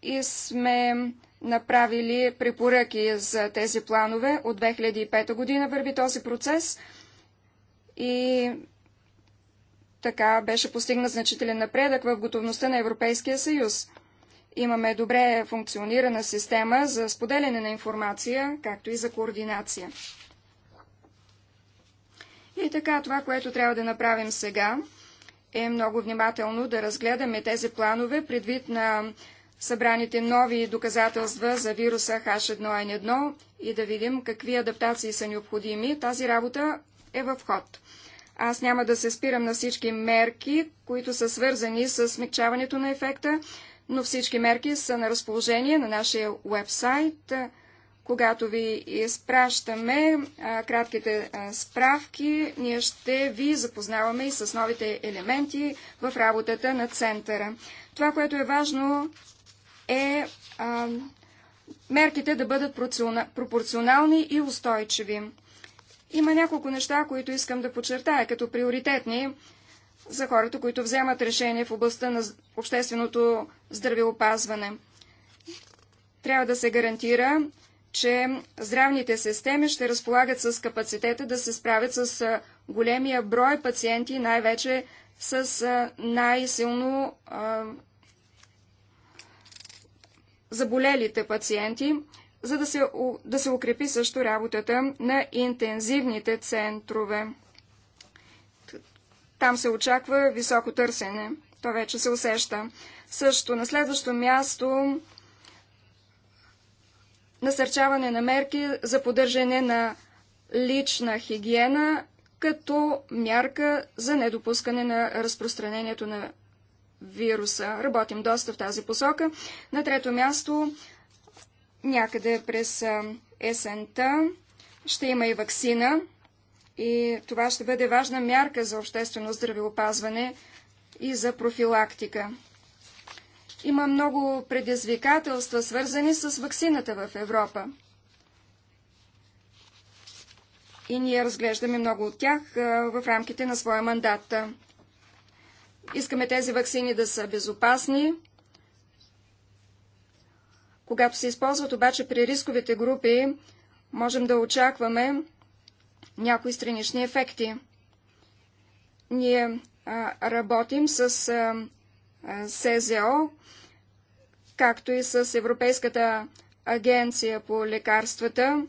и сме направили препоръки за тези планове. От 2005 година върви този процес и така беше постигнат значителен напредък в готовността на Европейския съюз. Имаме добре функционирана система за споделяне на информация, както и за координация. И така, това, което трябва да направим сега, е много внимателно да разгледаме тези планове предвид на събраните нови доказателства за вируса H1N1 и да видим какви адаптации са необходими. Тази работа е в ход. Аз няма да се спирам на всички мерки, които са свързани с смягчаването на ефекта, но всички мерки са на разположение на нашия вебсайт, когато ви изпращаме кратките справки, ние ще ви запознаваме и с новите елементи в работата на центъра. Това, което е важно, е а, мерките да бъдат пропорционални и устойчиви. Има няколко неща, които искам да подчертая като приоритетни за хората, които вземат решение в областта на общественото здравеопазване. Трябва да се гарантира, че здравните системи ще разполагат с капацитета да се справят с големия брой пациенти, най-вече с най-силно заболелите пациенти, за да се, да се укрепи също работата на интензивните центрове. Там се очаква високо търсене. То вече се усеща. Също на следващо място насърчаване на мерки за поддържане на лична хигиена като мярка за недопускане на разпространението на вируса. Работим доста в тази посока. На трето място, някъде през есента ще има и вакцина и това ще бъде важна мярка за обществено здравеопазване и за профилактика. Има много предизвикателства, свързани с ваксината в Европа. И ние разглеждаме много от тях в рамките на своя мандат. Искаме тези вакцини да са безопасни. Когато се използват обаче при рисковите групи, можем да очакваме някои странични ефекти. Ние а, работим с а, а, СЗО, както и с Европейската агенция по лекарствата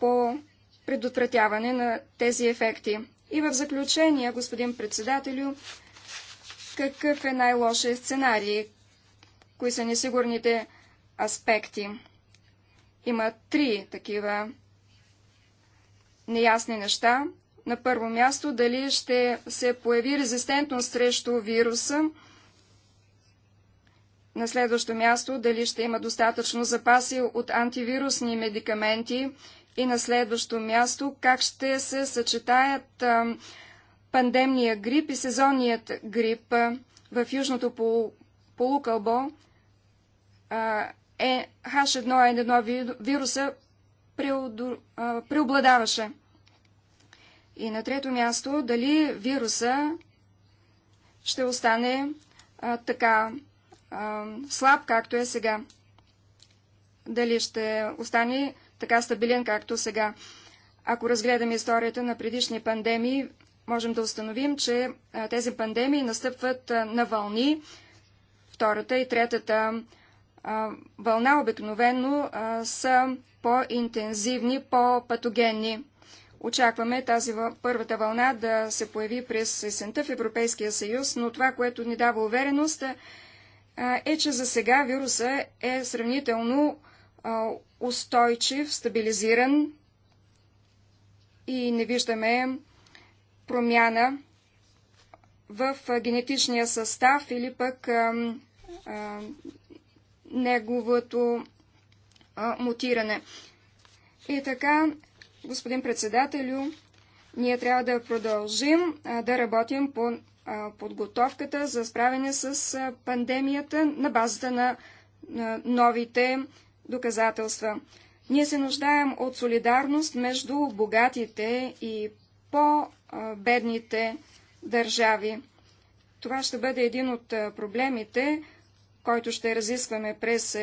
по предотвратяване на тези ефекти. И в заключение, господин председателю, какъв е най-лошият сценарий? Кои са несигурните аспекти? Има три такива неясни неща. На първо място, дали ще се появи резистентност срещу вируса. На следващо място, дали ще има достатъчно запаси от антивирусни медикаменти. И на следващо място, как ще се съчетаят пандемния грип и сезонният грип в Южното полукълбо. е H1N1 вируса преобладаваше. И на трето място, дали вируса ще остане а, така а, слаб, както е сега. Дали ще остане така стабилен, както сега. Ако разгледаме историята на предишни пандемии, можем да установим, че а, тези пандемии настъпват а, на вълни. Втората и третата а, вълна обикновено са по-интензивни, по-патогенни. Очакваме тази въл... първата вълна да се появи през есента в Европейския съюз, но това, което ни дава увереност, е, че за сега вируса е сравнително устойчив, стабилизиран и не виждаме промяна в генетичния състав или пък а, а, неговото а, мутиране. И така, господин председателю, ние трябва да продължим а, да работим по а, подготовката за справяне с а, пандемията на базата на, на новите доказателства. Ние се нуждаем от солидарност между богатите и по-бедните държави. Това ще бъде един от проблемите, който ще разискваме през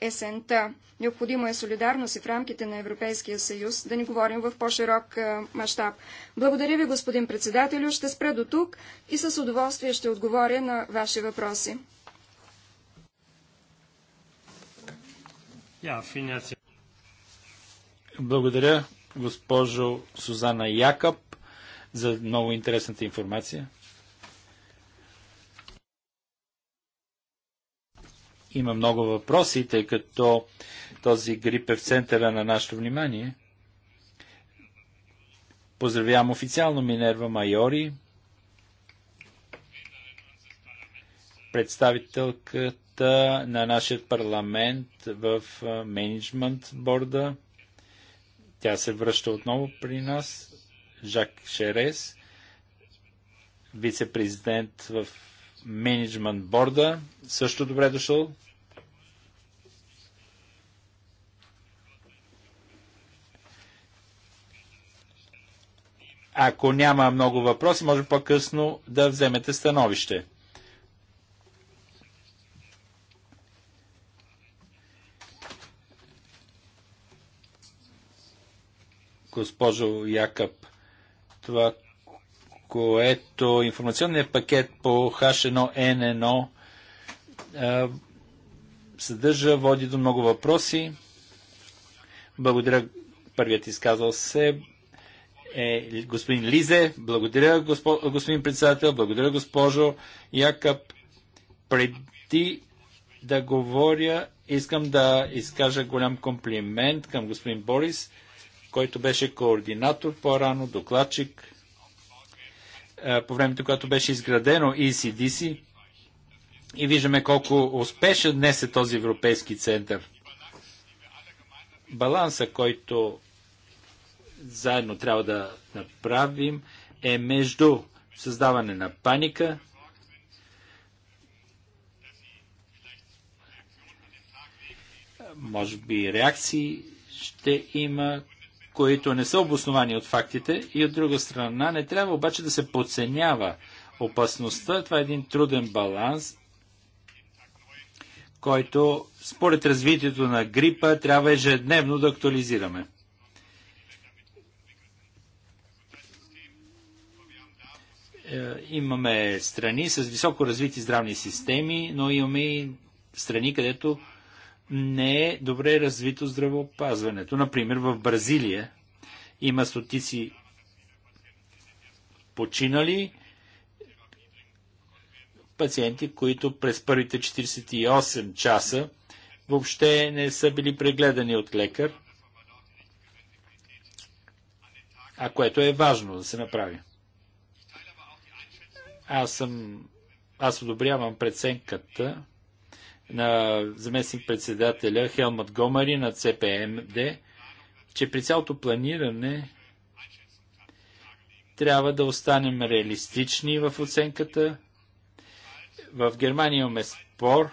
есента. Необходимо е солидарност и в рамките на Европейския съюз, да ни говорим в по-широк е, мащаб. Благодаря ви, господин председателю. Ще спра до тук и с удоволствие ще отговоря на ваши въпроси.
Благодаря, госпожо Сузана Якъб, за много интересната информация. има много въпроси, тъй като този грип е в центъра на нашето внимание. Поздравявам официално Минерва Майори, представителката на нашия парламент в менеджмент борда. Тя се връща отново при нас. Жак Шерес, вице-президент в менеджмент борда. Също добре дошъл. Ако няма много въпроси, може по-късно да вземете становище. Госпожо Якъб, това, което информационният пакет по H1N1 съдържа, води до много въпроси. Благодаря първият изказал се е господин Лизе. Благодаря, госпо, господин председател. Благодаря, госпожо Якъб. Преди да говоря, искам да изкажа голям комплимент към господин Борис, който беше координатор по-рано, докладчик е, по времето, когато беше изградено ECDC и виждаме колко успешен днес е този европейски център. Баланса, който заедно трябва да направим, е между създаване на паника, може би реакции ще има, които не са обосновани от фактите и от друга страна не трябва обаче да се подценява опасността. Това е един труден баланс, който според развитието на грипа трябва ежедневно да актуализираме. Е, имаме страни с високо развити здравни системи, но имаме и страни, където не е добре развито здравеопазването. Например, в Бразилия има стотици починали пациенти, които през първите 48 часа въобще не са били прегледани от лекар, а което е важно да се направи. Аз съм аз одобрявам преценката на заместник-председателя Хелмът Гомари на ЦПМД, че при цялото планиране трябва да останем реалистични в оценката. В Германия имаме спор.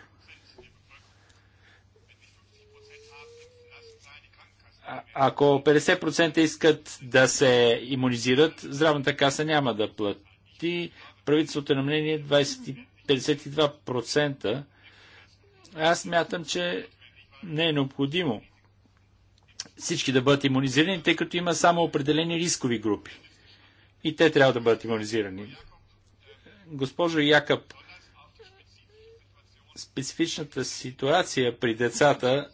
А ако 50% искат да се иммунизират, здравната каса няма да плати. Правителството е на мнение 20, 52% аз мятам, че не е необходимо всички да бъдат иммунизирани, тъй като има само определени рискови групи. И те трябва да бъдат иммунизирани. Госпожо Якъб, специфичната ситуация при децата,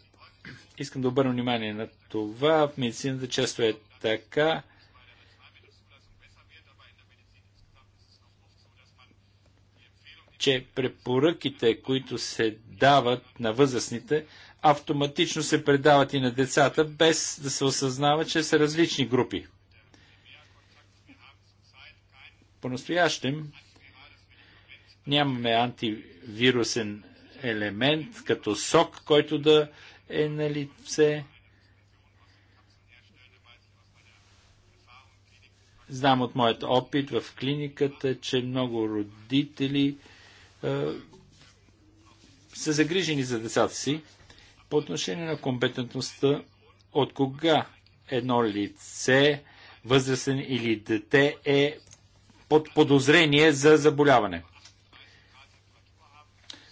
искам да обърна внимание на това, в медицината често е така, че препоръките, които се дават на възрастните, автоматично се предават и на децата, без да се осъзнава, че са различни групи. По-настоящем нямаме антивирусен елемент, като сок, който да е на лице. Знам от моят опит в клиниката, че много родители са загрижени за децата си по отношение на компетентността от кога едно лице, възрастен или дете е под подозрение за заболяване.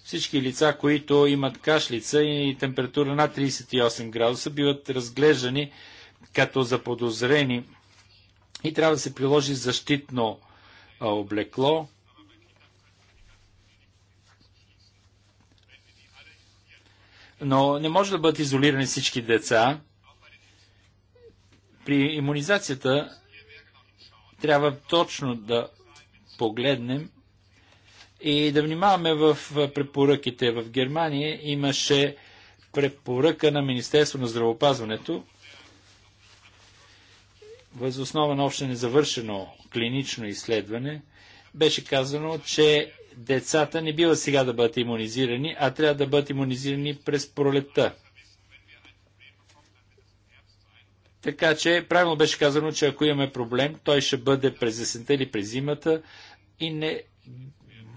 Всички лица, които имат кашлица и температура над 38 градуса, биват разглеждани като заподозрени и трябва да се приложи защитно облекло, Но не може да бъдат изолирани всички деца. При иммунизацията трябва точно да погледнем и да внимаваме в препоръките. В Германия имаше препоръка на Министерство на здравопазването възоснова на още незавършено клинично изследване, беше казано, че децата не бива сега да бъдат иммунизирани, а трябва да бъдат иммунизирани през пролетта. Така че правилно беше казано, че ако имаме проблем, той ще бъде през есента или през зимата и не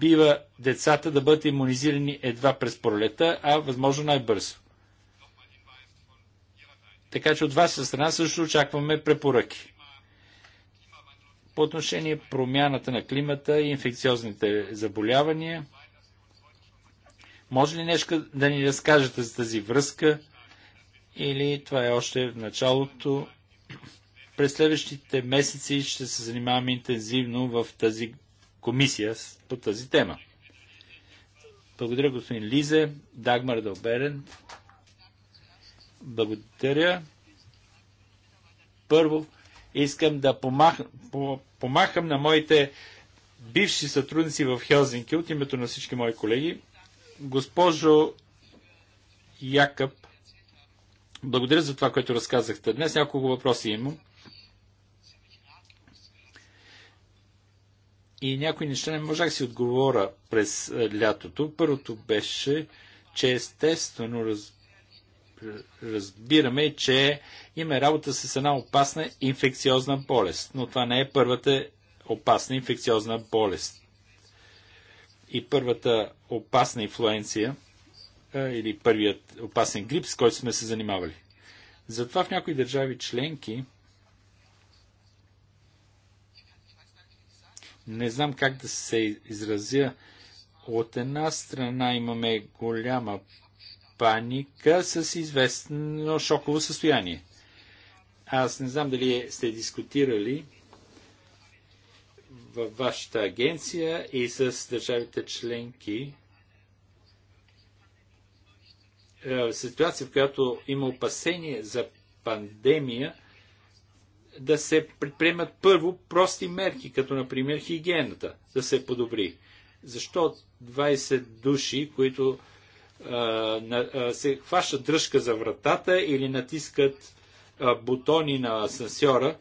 бива децата да бъдат иммунизирани едва през пролета, а възможно най-бързо. Така че от ваша страна също очакваме препоръки. По отношение промяната на климата и инфекциозните заболявания, може ли нещо да ни разкажете за тази връзка или това е още в началото? През следващите месеци ще се занимаваме интензивно в тази комисия по тази тема. Благодаря, господин Лизе, Дагмар Дълберен. Благодаря. Първо, Искам да помах, по, помахам на моите бивши сътрудници в Хелзинки от името на всички мои колеги. Госпожо Якъб, благодаря за това, което разказахте. Днес няколко въпроси имам. И някои неща не можах си отговоря през е, лятото. Първото беше, че естествено, раз разбираме, че има работа с една опасна инфекциозна болест, но това не е първата опасна инфекциозна болест. И първата опасна инфлуенция или първият опасен грип, с който сме се занимавали. Затова в някои държави членки не знам как да се изразя. От една страна имаме голяма паника с известно шоково състояние. Аз не знам дали сте дискутирали във вашата агенция и с държавите членки е, ситуация, в която има опасение за пандемия, да се предприемат първо прости мерки, като например хигиената, да се подобри. Защо 20 души, които се хващат дръжка за вратата или натискат бутони на асансьора,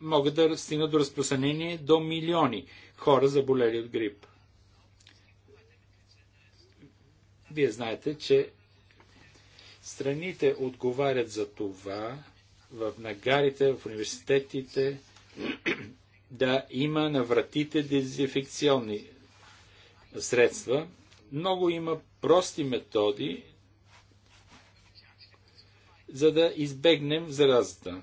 могат да стигнат до разпространение до милиони хора, заболели от грип. Вие знаете, че страните отговарят за това в нагарите, в университетите, да има на вратите дезинфекционни средства, много има прости методи, за да избегнем заразата.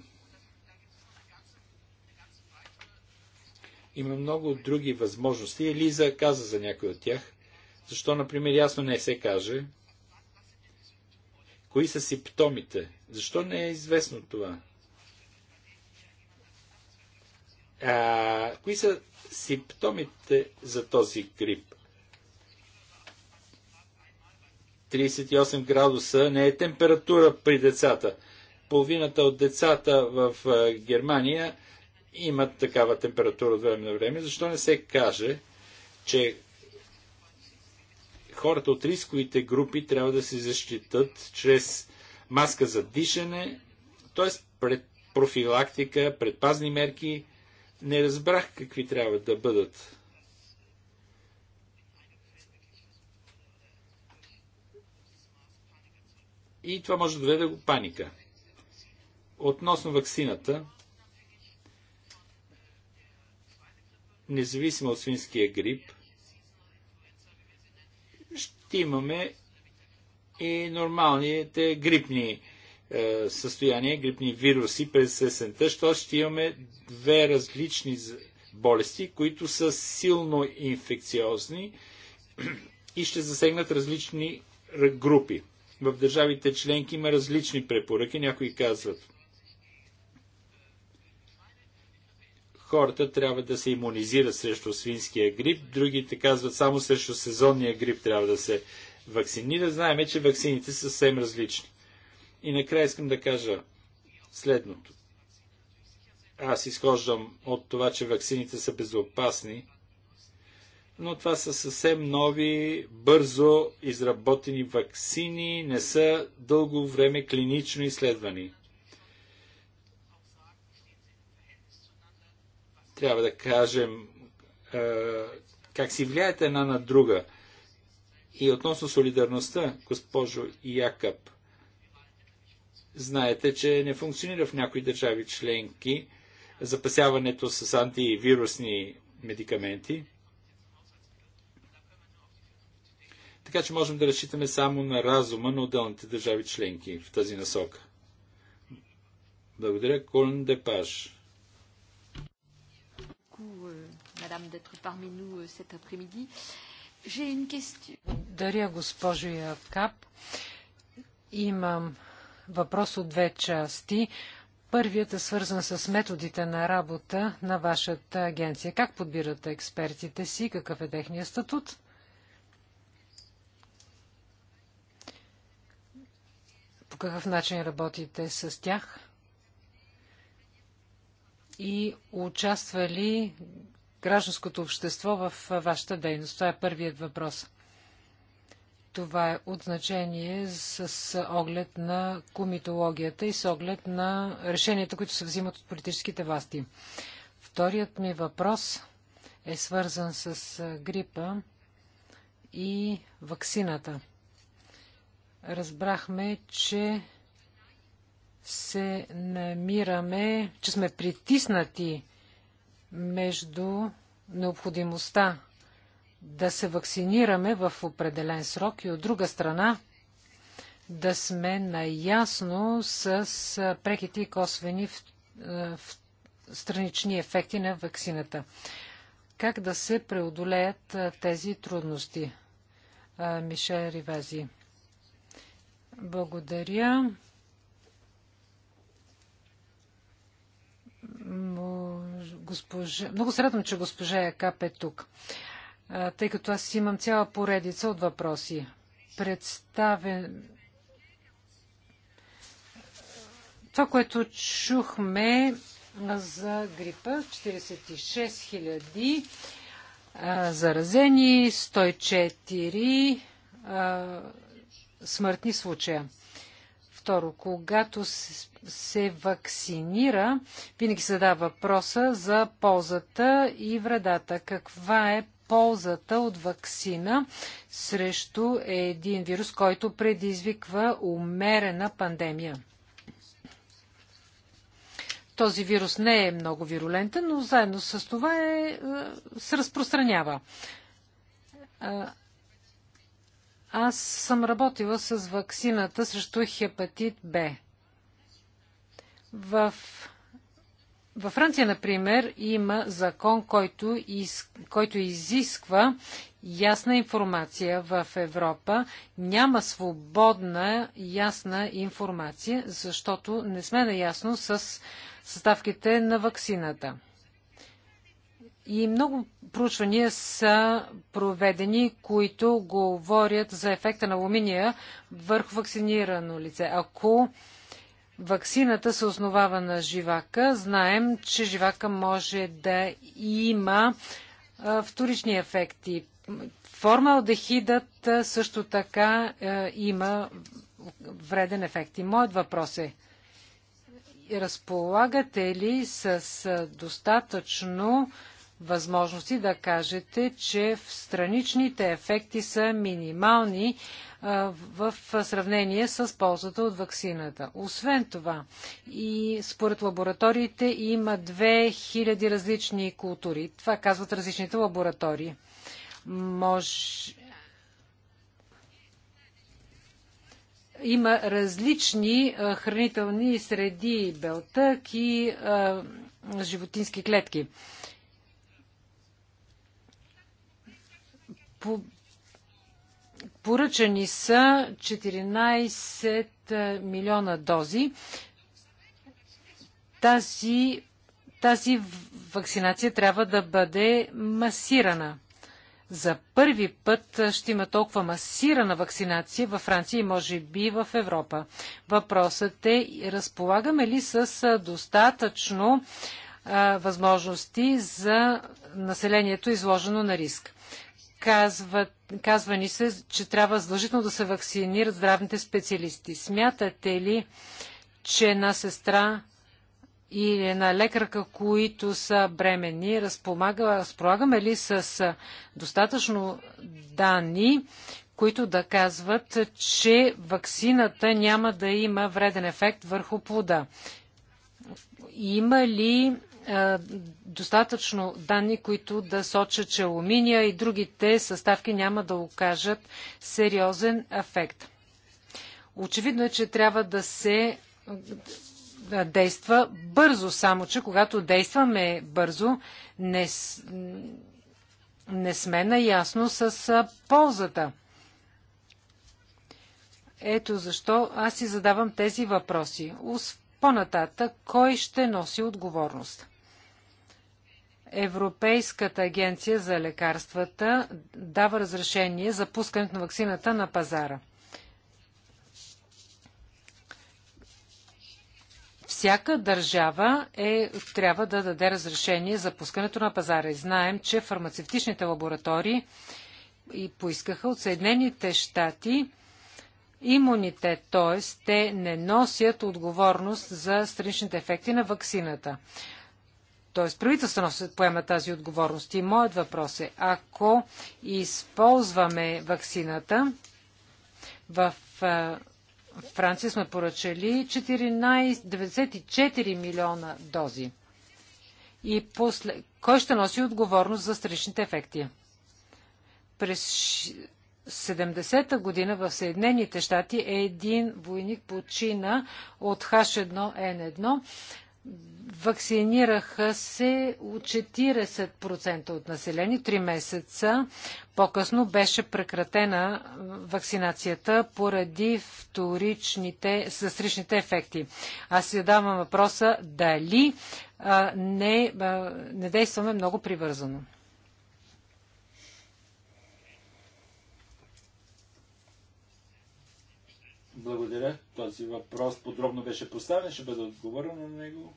Има много други възможности. Елиза каза за някой от тях. Защо, например, ясно не се каже? Кои са симптомите? Защо не е известно това? А, кои са симптомите за този грип? 38 градуса не е температура при децата. Половината от децата в Германия имат такава температура от време на време. Защо не се каже, че хората от рисковите групи трябва да се защитат чрез маска за дишане, т.е. пред профилактика, предпазни мерки. Не разбрах какви трябва да бъдат и това може да доведе до паника. Относно ваксината, независимо от свинския грип, ще имаме и нормалните грипни е, състояния, грипни вируси през есента, защото ще имаме две различни болести, които са силно инфекциозни и ще засегнат различни групи в държавите членки има различни препоръки. Някои казват, хората трябва да се иммунизират срещу свинския грип, другите казват само срещу сезонния грип трябва да се вакцинира. Знаеме, че вакцините са съвсем различни. И накрая искам да кажа следното. Аз изхождам от това, че вакцините са безопасни но това са съвсем нови, бързо изработени вакцини, не са дълго време клинично изследвани. Трябва да кажем е, как си влияете една на друга. И относно солидарността, госпожо Якъб, знаете, че не функционира в някои държави членки запасяването с антивирусни медикаменти – Така че можем да разчитаме само на разума на отделните държави членки в тази насока. Благодаря, Колен Депаш.
Euh, euh, Благодаря, госпожо Якап. Имам въпрос от две части. Първият е свързан с методите на работа на вашата агенция. Как подбирате експертите си? Какъв е техният статут? по какъв начин работите с тях и участва ли гражданското общество в вашата дейност? Това е първият въпрос. Това е от значение с оглед на комитологията и с оглед на решенията, които се взимат от политическите власти. Вторият ми въпрос е свързан с грипа и ваксината разбрахме, че се намираме, че сме притиснати между необходимостта да се вакцинираме в определен срок и от друга страна да сме наясно с преките и косвени в, в странични ефекти на вакцината. Как да се преодолеят тези трудности? Мишел Ривази. Благодаря. Госпожа... Много се радвам, че госпожа Якап е тук, тъй като аз имам цяла поредица от въпроси. Представен... Това, което чухме за грипа, 46 000 заразени, 104 смъртни случая. Второ, когато се, вакцинира, винаги се дава въпроса за ползата и вредата. Каква е ползата от вакцина срещу един вирус, който предизвиква умерена пандемия? Този вирус не е много вирулентен, но заедно с това е, е се разпространява. Аз съм работила с ваксината срещу хепатит Б. В във Франция, например, има закон, който, из, който изисква ясна информация в Европа. Няма свободна ясна информация, защото не сме наясно с съставките на ваксината. И много проучвания са проведени, които говорят за ефекта на луминия върху вакцинирано лице. Ако вакцината се основава на живака, знаем, че живака може да има вторични ефекти. Формалдехидът също така има вреден ефект. И моят въпрос е, разполагате ли с достатъчно възможности да кажете, че страничните ефекти са минимални в сравнение с ползата от ваксината. Освен това, и според лабораториите има 2000 различни култури. Това казват различните лаборатории. Може... Има различни хранителни среди, белтък и а, животински клетки. По... Поръчани са 14 е, милиона дози. Тази, тази вакцинация трябва да бъде масирана. За първи път е, ще има толкова масирана вакцинация във Франция и може би в Европа. Въпросът е, разполагаме ли с е, достатъчно а, възможности за населението изложено на риск? казват, казва ни се, че трябва задължително да се вакцинират здравните специалисти. Смятате ли, че една сестра или една лекарка, които са бремени, разполагаме ли с достатъчно данни, които да казват, че ваксината няма да има вреден ефект върху плода? Има ли е, достатъчно данни, които да сочат, че алуминия и другите съставки няма да окажат сериозен ефект. Очевидно е, че трябва да се е, действа бързо, само че когато действаме бързо, не, не сме наясно с е, ползата. Ето защо аз си задавам тези въпроси. По-нататък, кой ще носи отговорност? Европейската агенция за лекарствата дава разрешение за пускането на ваксината на пазара. Всяка държава е, трябва да даде разрешение за пускането на пазара. И знаем, че фармацевтичните лаборатории и поискаха от Съединените щати имунитет, т.е. те не носят отговорност за страничните ефекти на ваксината т.е. правителството поема тази отговорност. И моят въпрос е, ако използваме ваксината, в Франция сме поръчали 14, 94 милиона дози. И после, кой ще носи отговорност за страничните ефекти? През 70-та година в Съединените щати е един войник почина от H1N1 Вакцинираха се 40% от населени. Три месеца по-късно беше прекратена вакцинацията поради вторичните, състричните ефекти. Аз си давам въпроса дали а, не, а, не действаме много привързано.
Благодаря. Този въпрос подробно беше поставен. Ще бъде отговорено на него.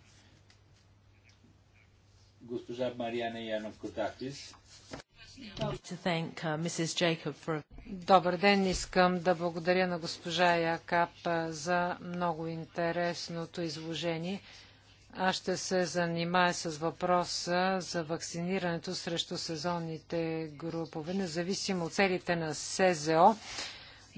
Госпожа Марияна Янов Котафис.
Добър ден, искам да благодаря на госпожа Якап uh, за много интересното изложение. Аз ще се занимая с въпроса за вакцинирането срещу сезонните групове, независимо от целите на СЗО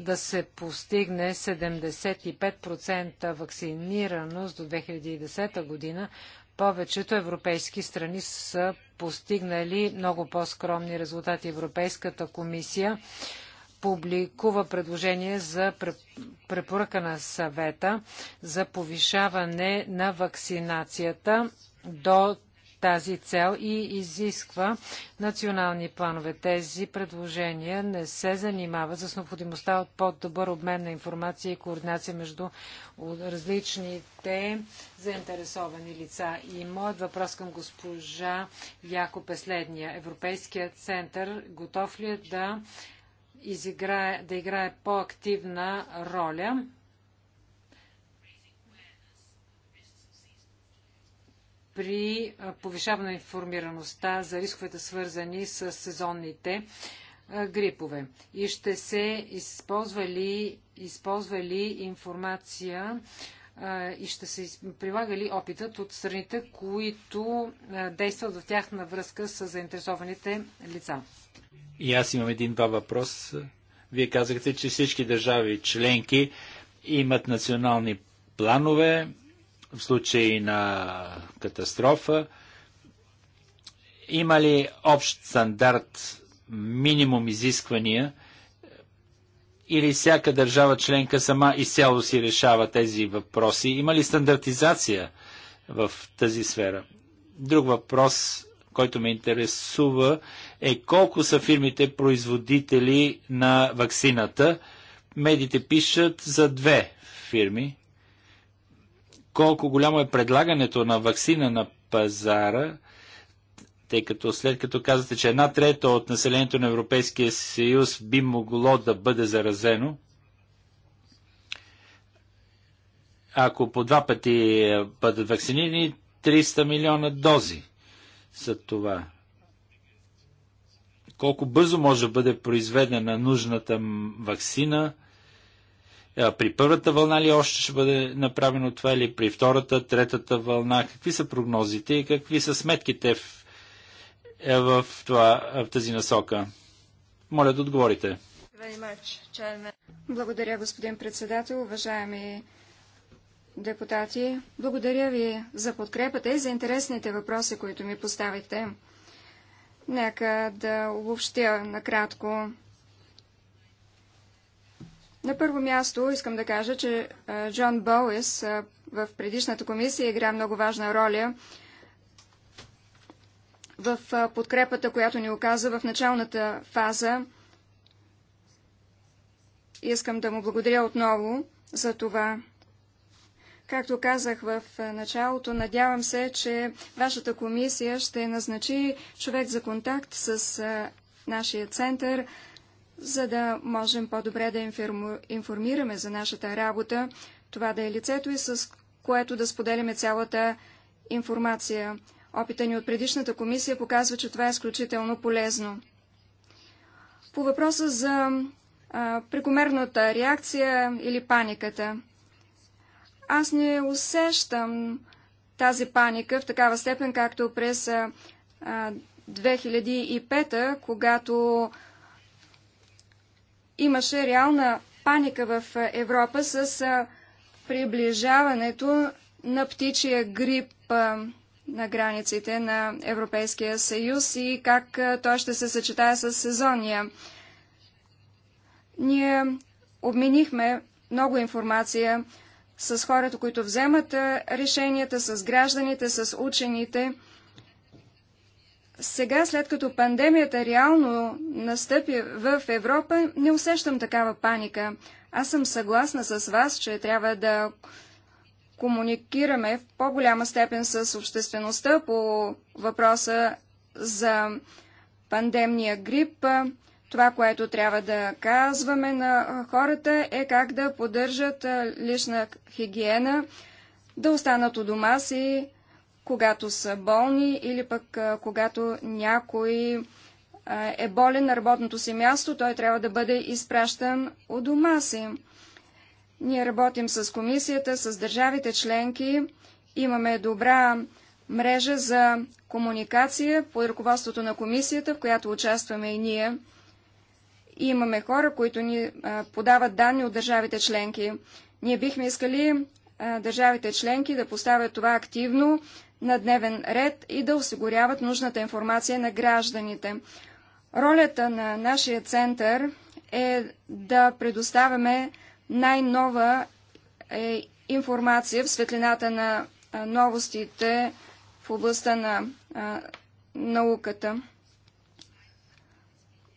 да се постигне 75% вакцинираност до 2010 година. Повечето европейски страни са постигнали много по-скромни резултати. Европейската комисия публикува предложение за препоръка на съвета за повишаване на вакцинацията до тази цел и изисква национални планове. Тези предложения не се занимават с необходимостта от по-добър обмен на информация и координация между различните заинтересовани лица. И моят въпрос към госпожа Якоб е следния. Европейският център готов ли е да, изиграе, да играе по-активна роля? при повишаване информираността за рисковете свързани с сезонните грипове? И ще се използва ли, използва ли информация и ще се прилага ли опитът от страните, които действат в тяхна връзка с заинтересованите лица?
И аз имам един-два въпрос. Вие казахте, че всички държави членки имат национални планове в случай на катастрофа? Има ли общ стандарт, минимум изисквания или всяка държава членка сама изцяло си решава тези въпроси? Има ли стандартизация в тази сфера? Друг въпрос, който ме интересува е колко са фирмите производители на ваксината. Медите пишат за две фирми колко голямо е предлагането на вакцина на пазара, тъй като след като казвате, че една трета от населението на Европейския съюз би могло да бъде заразено, ако по два пъти бъдат вакцинирани, 300 милиона дози са това. Колко бързо може да бъде произведена нужната вакцина – при първата вълна ли още ще бъде направено това или при втората, третата вълна? Какви са прогнозите и какви са сметките в, е, в, това, е, в тази насока? Моля да отговорите.
Благодаря, господин председател, уважаеми депутати. Благодаря ви за подкрепата и за интересните въпроси, които ми поставите. Нека да обобщя накратко. На първо място искам да кажа, че Джон Боуис в предишната комисия игра много важна роля в подкрепата, която ни оказа в началната фаза. Искам да му благодаря отново за това. Както казах в началото, надявам се, че вашата комисия ще назначи човек за контакт с нашия център, за да можем по-добре да информираме за нашата работа. Това да е лицето и с което да споделяме цялата информация. Опита ни от предишната комисия показва, че това е изключително полезно. По въпроса за а, прекомерната реакция или паниката. Аз не усещам тази паника в такава степен, както през а, 2005, когато имаше реална паника в Европа с приближаването на птичия грип на границите на Европейския съюз и как той ще се съчетае с сезония. Ние обменихме много информация с хората, които вземат решенията, с гражданите, с учените – сега, след като пандемията реално настъпи в Европа, не усещам такава паника. Аз съм съгласна с вас, че трябва да комуникираме в по-голяма степен с обществеността по въпроса за пандемния грип. Това, което трябва да казваме на хората е как да поддържат лична хигиена, да останат у дома си, когато са болни или пък когато някой е болен на работното си място, той трябва да бъде изпращан от дома си. Ние работим с комисията, с държавите членки, имаме добра мрежа за комуникация под ръководството на комисията, в която участваме и ние. И имаме хора, които ни подават данни от държавите членки. Ние бихме искали държавите членки да поставят това активно на дневен ред и да осигуряват нужната информация на гражданите. Ролята на нашия център е да предоставяме най-нова е, информация в светлината на новостите в областта на науката.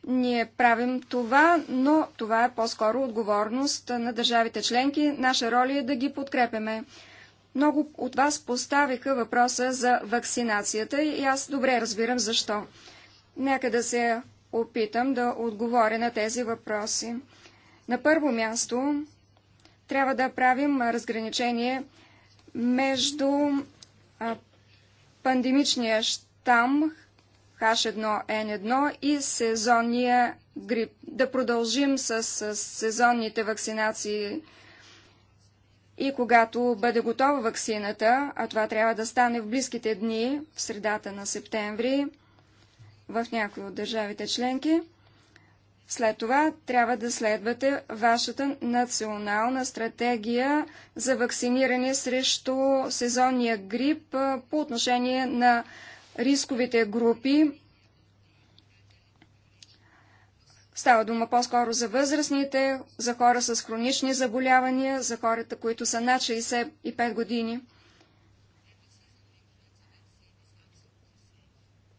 Ние правим това, но това е по-скоро отговорност на държавите членки. Наша роля е да ги подкрепяме. Много от вас поставиха въпроса за вакцинацията и аз добре разбирам защо. Нека да се опитам да отговоря на тези въпроси. На първо място трябва да правим разграничение между пандемичния штам H1N1 и сезонния грип. Да продължим с сезонните вакцинации и когато бъде готова ваксината, а това трябва да стане в близките дни, в средата на септември, в някои от държавите членки, след това трябва да следвате вашата национална стратегия за вакциниране срещу сезонния грип по отношение на рисковите групи Става дума по-скоро за възрастните, за хора с хронични заболявания, за хората, които са над 65 години.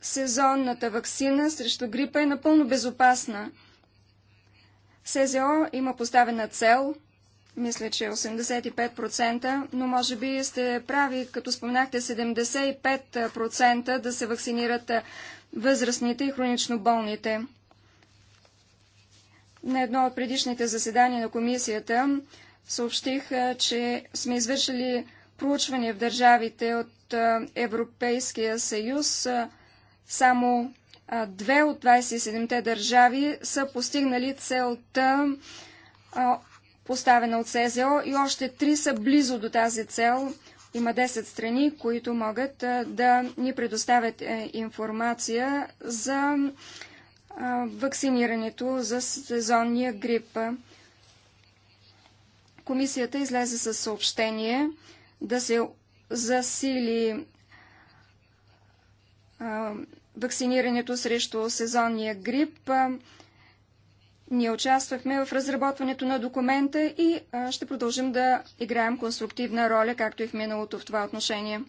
Сезонната вакцина срещу грипа е напълно безопасна. СЗО има поставена цел, мисля, че 85%, но може би сте прави, като спомнахте, 75% да се вакцинират възрастните и хронично болните. На едно от предишните заседания на комисията съобщих, че сме извършили проучване в държавите от Европейския съюз. Само две от 27-те държави са постигнали целта поставена от СЗО и още три са близо до тази цел. Има 10 страни, които могат да ни предоставят е, информация за вакцинирането за сезонния грип. Комисията излезе със съобщение да се засили вакцинирането срещу сезонния грип. ние участвахме в разработването на документа и ще продължим да играем конструктивна роля, както и в миналото в това отношение.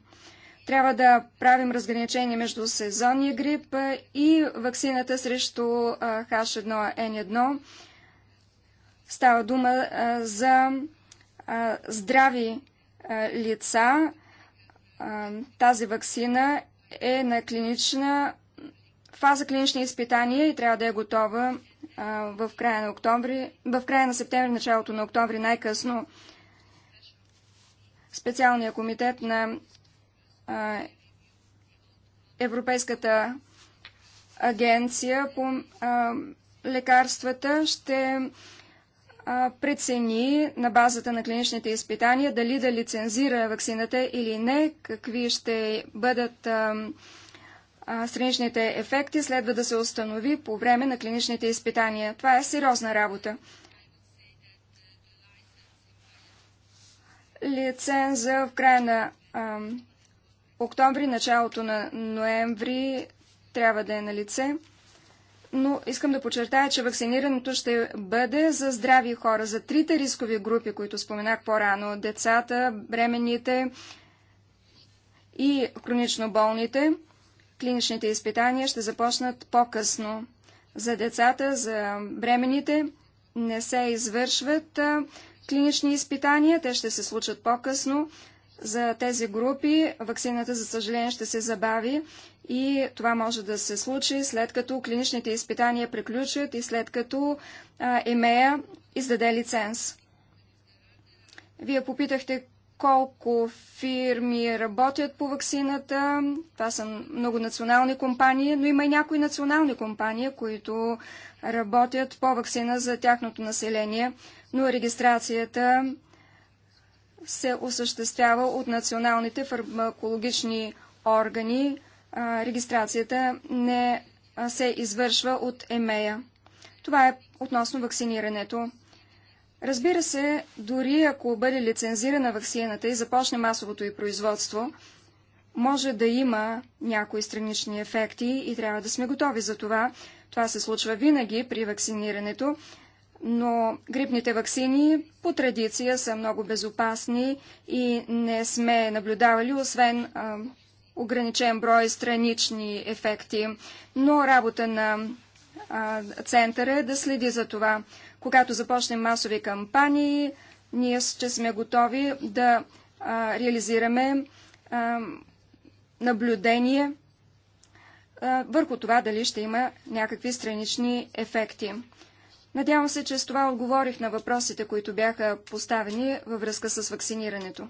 Трябва да правим разграничение между сезонния грип и вакцината срещу H1N1. Става дума за здрави лица. Тази вакцина е на клинична фаза клинични изпитания и трябва да е готова в края на октомври, в края на септември, началото на октомври най-късно. Специалният комитет на Европейската агенция по лекарствата ще прецени на базата на клиничните изпитания дали да лицензира вакцината или не, какви ще бъдат страничните ефекти, следва да се установи по време на клиничните изпитания. Това е сериозна работа. Лиценза в края на октомври, началото на ноември трябва да е на лице. Но искам да подчертая, че вакцинирането ще бъде за здрави хора, за трите рискови групи, които споменах по-рано. Децата, бременните и хронично болните. Клиничните изпитания ще започнат по-късно. За децата, за бременните не се извършват клинични изпитания, те ще се случат по-късно. За тези групи вакцината, за съжаление, ще се забави и това може да се случи след като клиничните изпитания приключат и след като Емея ЕМЕА издаде лиценз. Вие попитахте колко фирми работят по вакцината. Това са много национални компании, но има и някои национални компании, които работят по вакцина за тяхното население, но регистрацията се осъществява от националните фармакологични органи. Регистрацията не се извършва от ЕМЕЯ. Това е относно вакцинирането. Разбира се, дори ако бъде лицензирана вакцината и започне масовото и производство, може да има някои странични ефекти и трябва да сме готови за това. Това се случва винаги при вакцинирането но грипните вакцини по традиция са много безопасни и не сме наблюдавали, освен а, ограничен брой странични ефекти. Но работа на а, центъра е да следи за това. Когато започнем масови кампании, ние ще сме готови да а, реализираме а, наблюдение а, върху това дали ще има някакви странични ефекти. Надявам се, че с това отговорих на въпросите, които бяха поставени във връзка с вакцинирането.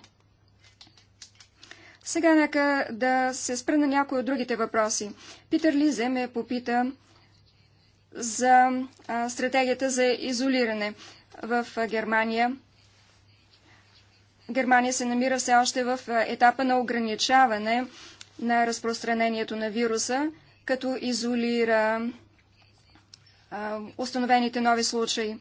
Сега нека да се спра на някои от другите въпроси. Питър Лизе ме попита за а, стратегията за изолиране в а, Германия. Германия се намира все още в а, етапа на ограничаване на разпространението на вируса, като изолира установените нови случаи.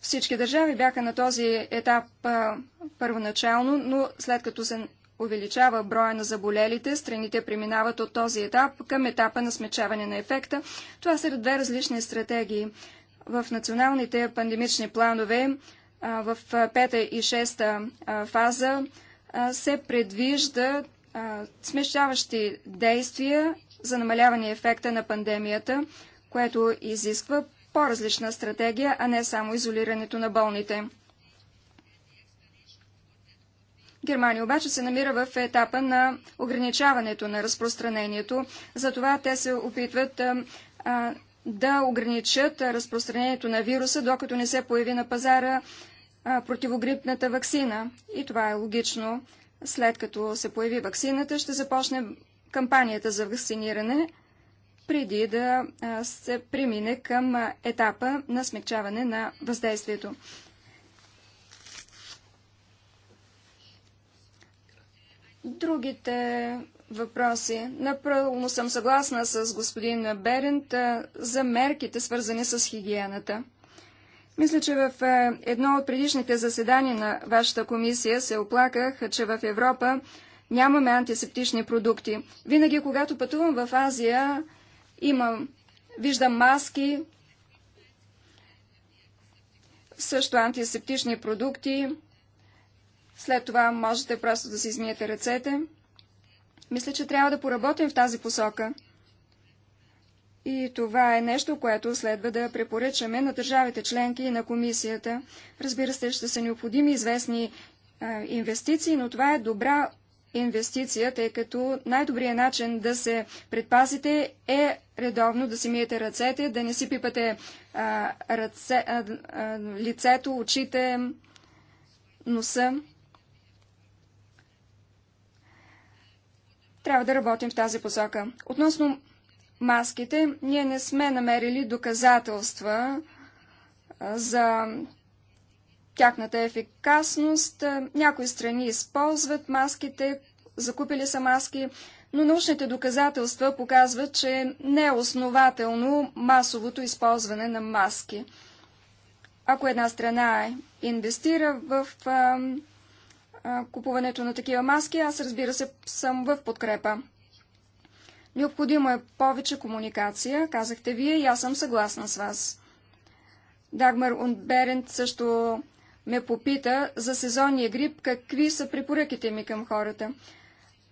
Всички държави бяха на този етап а, първоначално, но след като се увеличава броя на заболелите, страните преминават от този етап към етапа на смечаване на ефекта. Това са две различни стратегии. В националните пандемични планове а, в пета и шеста а, фаза се предвижда смещаващи действия за намаляване ефекта на пандемията, което изисква по-различна стратегия, а не само изолирането на болните. Германия обаче се намира в етапа на ограничаването на разпространението, затова те се опитват а, да ограничат разпространението на вируса, докато не се появи на пазара а, противогрипната вакцина. И това е логично. След като се появи вакцината, ще започне кампанията за вакциниране, преди да се премине към етапа на смягчаване на въздействието. Другите въпроси. Напълно съм съгласна с господин Берент за мерките, свързани с хигиената. Мисля, че в едно от предишните заседания на вашата комисия се оплаках, че в Европа нямаме антисептични продукти. Винаги, когато пътувам в Азия, Имам, виждам маски, също антисептични продукти. След това можете просто да си измиете ръцете. Мисля, че трябва да поработим в тази посока. И това е нещо, което следва да препоръчаме на държавите членки и на комисията. Разбира се, ще са необходими известни а, инвестиции, но това е добра инвестиция, тъй като най-добрият начин да се предпазите е редовно да си миете ръцете, да не си пипате а, ръце, а, а, лицето, очите, носа. Трябва да работим в тази посока. Относно маските, ние не сме намерили доказателства за тяхната ефикасност. Е, някои страни използват маските, закупили са маски, но научните доказателства показват, че не е основателно масовото използване на маски. Ако една страна инвестира в а, а, купуването на такива маски, аз разбира се съм в подкрепа. Необходимо е повече комуникация, казахте вие и аз съм съгласна с вас. Дагмар Унберент също ме попита за сезонния грип, какви са препоръките ми към хората.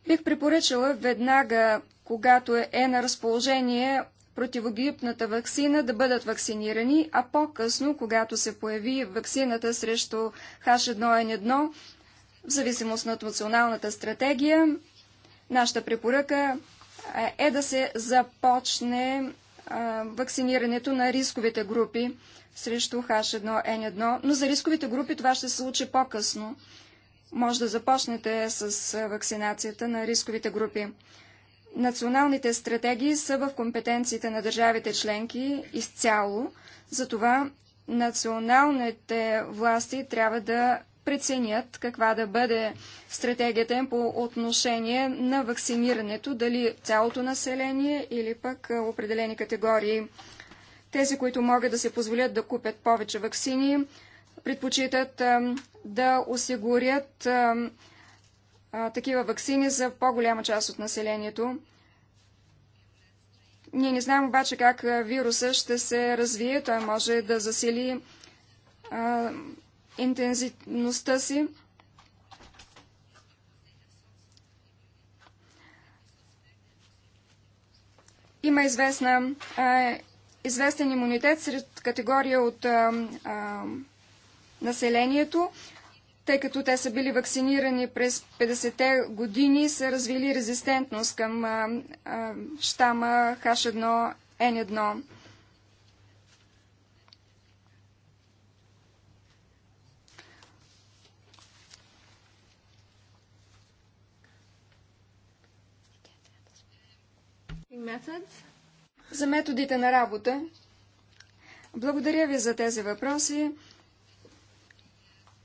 Бих препоръчала веднага, когато е на разположение противогрипната вакцина, да бъдат вакцинирани, а по-късно, когато се появи вакцината срещу H1N1, в зависимост от националната стратегия, нашата препоръка е, е да се започне вакцинирането на рисковите групи срещу H1N1, но за рисковите групи това ще се случи по-късно. Може да започнете с вакцинацията на рисковите групи. Националните стратегии са в компетенциите на държавите членки изцяло, затова националните власти трябва да преценят каква да бъде стратегията им по отношение на вакцинирането, дали цялото население или пък определени категории тези, които могат да се позволят да купят повече вакцини, предпочитат да осигурят такива вакцини за по-голяма част от населението. Ние не знаем обаче как вируса ще се развие. Той може да засили интензивността си. Има известна а, известен имунитет сред категория от а, а, населението, тъй като те са били вакцинирани през 50-те години, са развили резистентност към а, а, штама H1N1.
methods за
методите на работа. Благодаря ви за тези въпроси.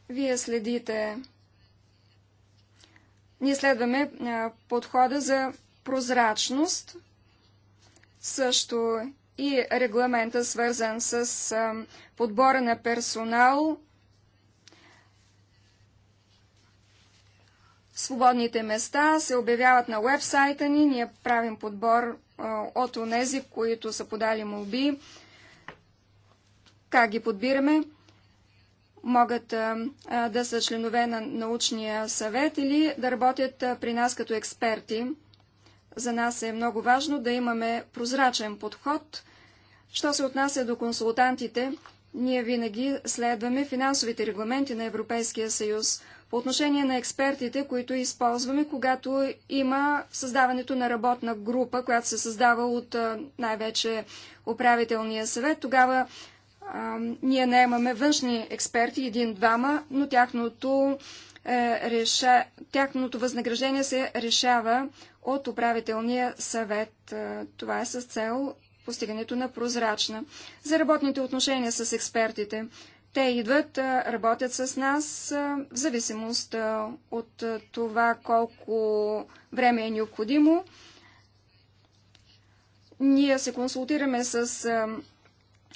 Вие следите. Ние следваме подхода за прозрачност, също и регламента, свързан с подбора на персонал, Свободните места се обявяват на вебсайта ни, ние правим подбор от онези, които са подали молби. Как ги подбираме? Могат да са членове на научния съвет или да работят при нас като експерти. За нас е много важно да имаме прозрачен подход. Що се отнася до консултантите, ние винаги следваме финансовите регламенти на Европейския съюз. По отношение на експертите, които използваме, когато има създаването на работна група, която се създава от най-вече управителния съвет, тогава а, ние имаме външни експерти, един-двама, но тяхното, е, реша... тяхното възнаграждение се решава от управителния съвет. Това е с цел постигането на прозрачна. За работните отношения с експертите. Те идват, работят с нас в зависимост от това колко време е необходимо. Ние се консултираме с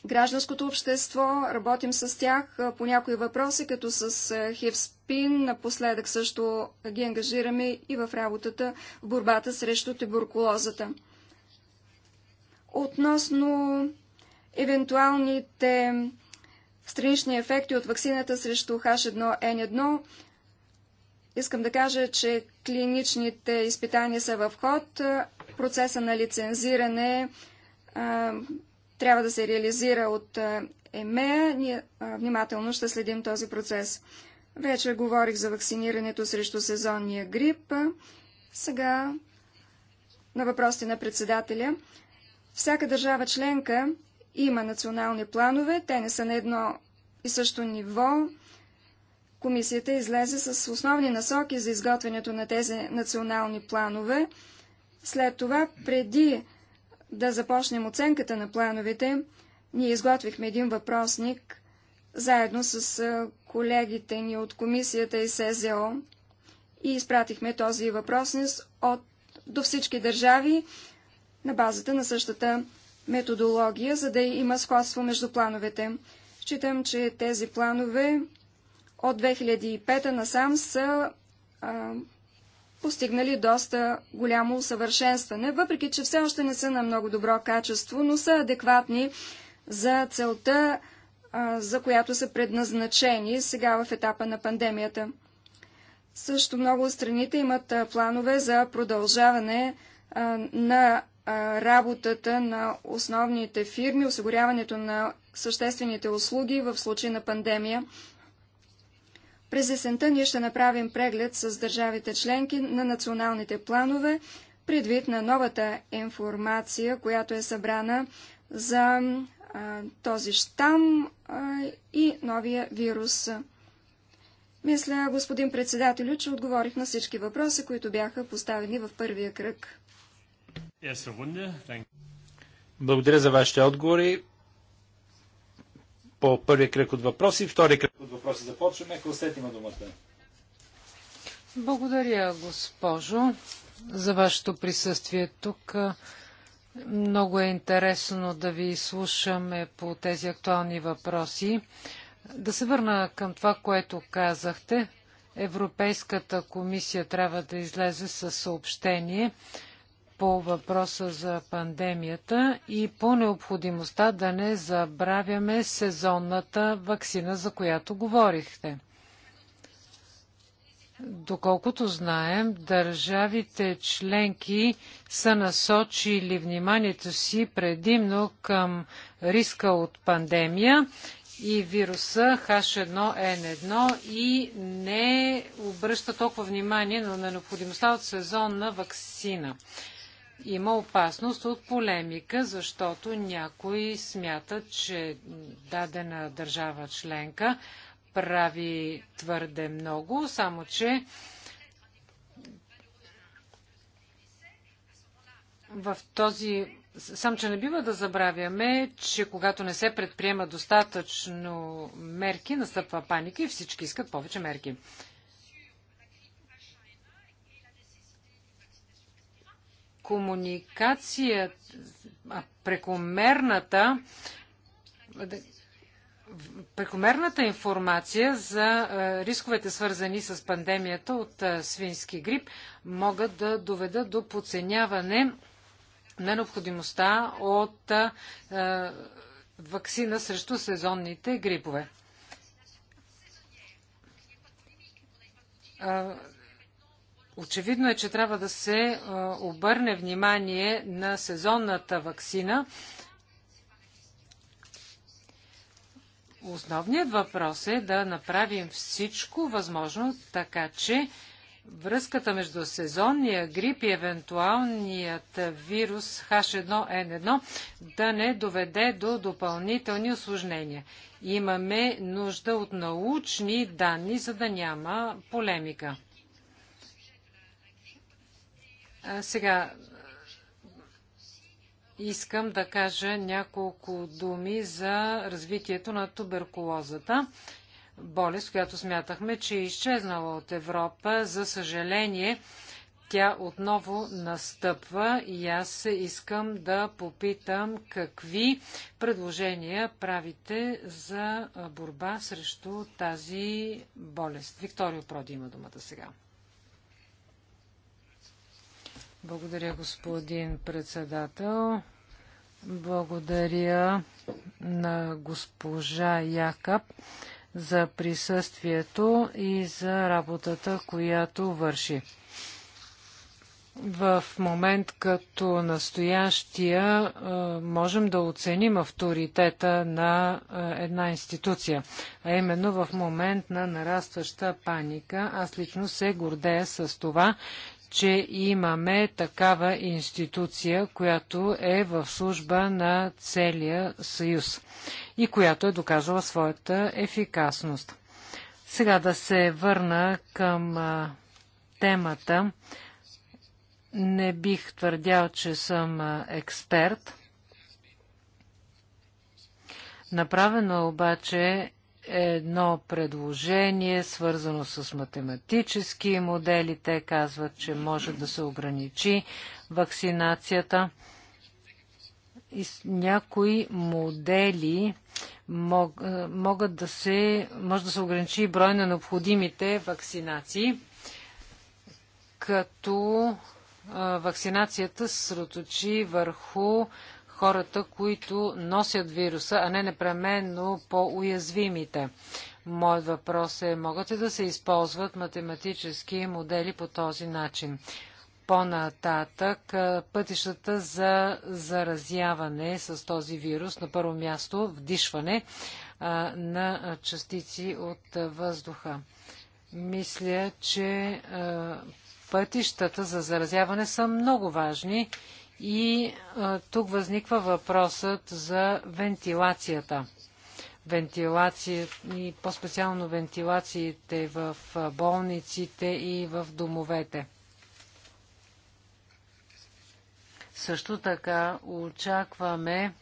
гражданското общество, работим с тях по някои въпроси, като с Хевспин. Напоследък също ги ангажираме и в работата в борбата срещу туберкулозата. Относно евентуалните странични ефекти от вакцината срещу H1N1. Искам да кажа, че клиничните изпитания са в ход. Процеса на лицензиране а, трябва да се реализира от ЕМЕА. Ние а, внимателно ще следим този процес. Вече говорих за вакцинирането срещу сезонния грип. Сега на въпросите на председателя. Всяка държава членка има национални планове, те не са на едно и също ниво. Комисията излезе с основни насоки за изготвянето на тези национални планове. След това, преди да започнем оценката на плановете, ние изготвихме един въпросник заедно с колегите ни от комисията и СЗО и изпратихме този въпросник от, до всички държави на базата на същата методология, за да има сходство между плановете. Считам, че тези планове от 2005 насам са а, постигнали доста голямо усъвършенстване, въпреки че все още не са на много добро качество, но са адекватни за целта, а, за която са предназначени сега в етапа на пандемията. Също много страните имат планове за продължаване а, на работата на основните фирми, осигуряването на съществените услуги в случай на пандемия. През есента ние ще направим преглед с държавите членки на националните планове, предвид на новата информация, която е събрана за а, този штам а, и новия вирус. Мисля, господин председателю, че отговорих на всички въпроси, които бяха поставени в първия кръг.
Благодаря за вашите отговори. По първия кръг от въпроси. Втори кръг от въпроси започваме. Хосет има думата.
Благодаря, госпожо, за вашето присъствие тук. Много е интересно да ви слушаме по тези актуални въпроси. Да се върна към това, което казахте. Европейската комисия трябва да излезе със съобщение по въпроса за пандемията и по необходимостта да не забравяме сезонната вакцина, за която говорихте. Доколкото знаем, държавите членки са насочили вниманието си предимно към риска от пандемия и вируса H1N1 и не обръща толкова внимание на необходимостта от сезонна вакцина има опасност от полемика, защото някои смятат, че дадена държава членка прави твърде много, само че в този Сам, че не бива да забравяме, че когато не се предприема достатъчно мерки, настъпва паника и всички искат повече мерки. комуникация, прекомерната прекомерната информация за рисковете свързани с пандемията от свински грип могат да доведат до подценяване на необходимостта от вакцина срещу сезонните грипове Очевидно е, че трябва да се е, обърне внимание на сезонната вакцина. Основният въпрос е да направим всичко възможно, така че връзката между сезонния грип и евентуалният вирус H1N1 да не доведе до допълнителни осложнения. Имаме нужда от научни данни, за да няма полемика. Сега искам да кажа няколко думи за развитието на туберкулозата. Болест, която смятахме, че е изчезнала от Европа. За съжаление, тя отново настъпва и аз искам да попитам какви предложения правите за борба срещу тази болест. Викторио Проди има думата сега. Благодаря, господин председател. Благодаря на госпожа Якаб за присъствието и за работата, която върши. В момент като настоящия можем да оценим авторитета на една институция, а именно в момент на нарастваща паника. Аз лично се гордея с това, че имаме такава институция, която е в служба на целия съюз и която е доказала своята ефикасност. Сега да се върна към темата. Не бих твърдял, че съм експерт. Направено е обаче едно предложение, свързано с математически модели. Те казват, че може да се ограничи вакцинацията. И някои модели мог, е, могат да се, може да се ограничи брой на необходимите вакцинации, като е, вакцинацията се сроточи върху хората, които носят вируса, а не непременно по-уязвимите. Моят въпрос е, могат ли да се използват математически модели по този начин? По-нататък, пътищата за заразяване с този вирус, на първо място вдишване а, на частици от въздуха. Мисля, че а, пътищата за заразяване са много важни и а, тук възниква въпросът за вентилацията. Вентилация и по-специално вентилациите в болниците и в домовете. Също така очакваме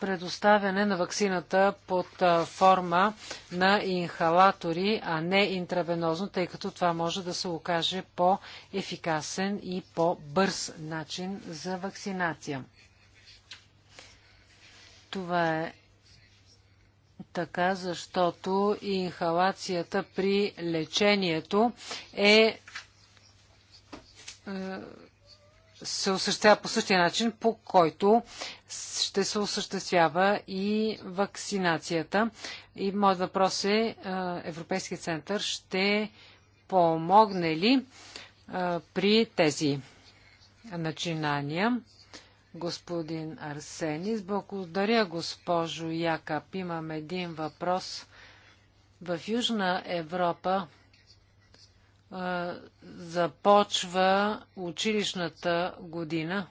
предоставяне на ваксината под форма на инхалатори, а не интравенозно, тъй като това може да се окаже по-ефикасен и по-бърз начин за вакцинация. Това е така, защото инхалацията при лечението е, е се осъществява по същия начин, по който ще се осъществява и вакцинацията. И моят въпрос е, е Европейския център ще помогне ли е, при тези начинания? Господин Арсенис, благодаря, госпожо Якап, Имам един въпрос. В Южна Европа започва училищната година.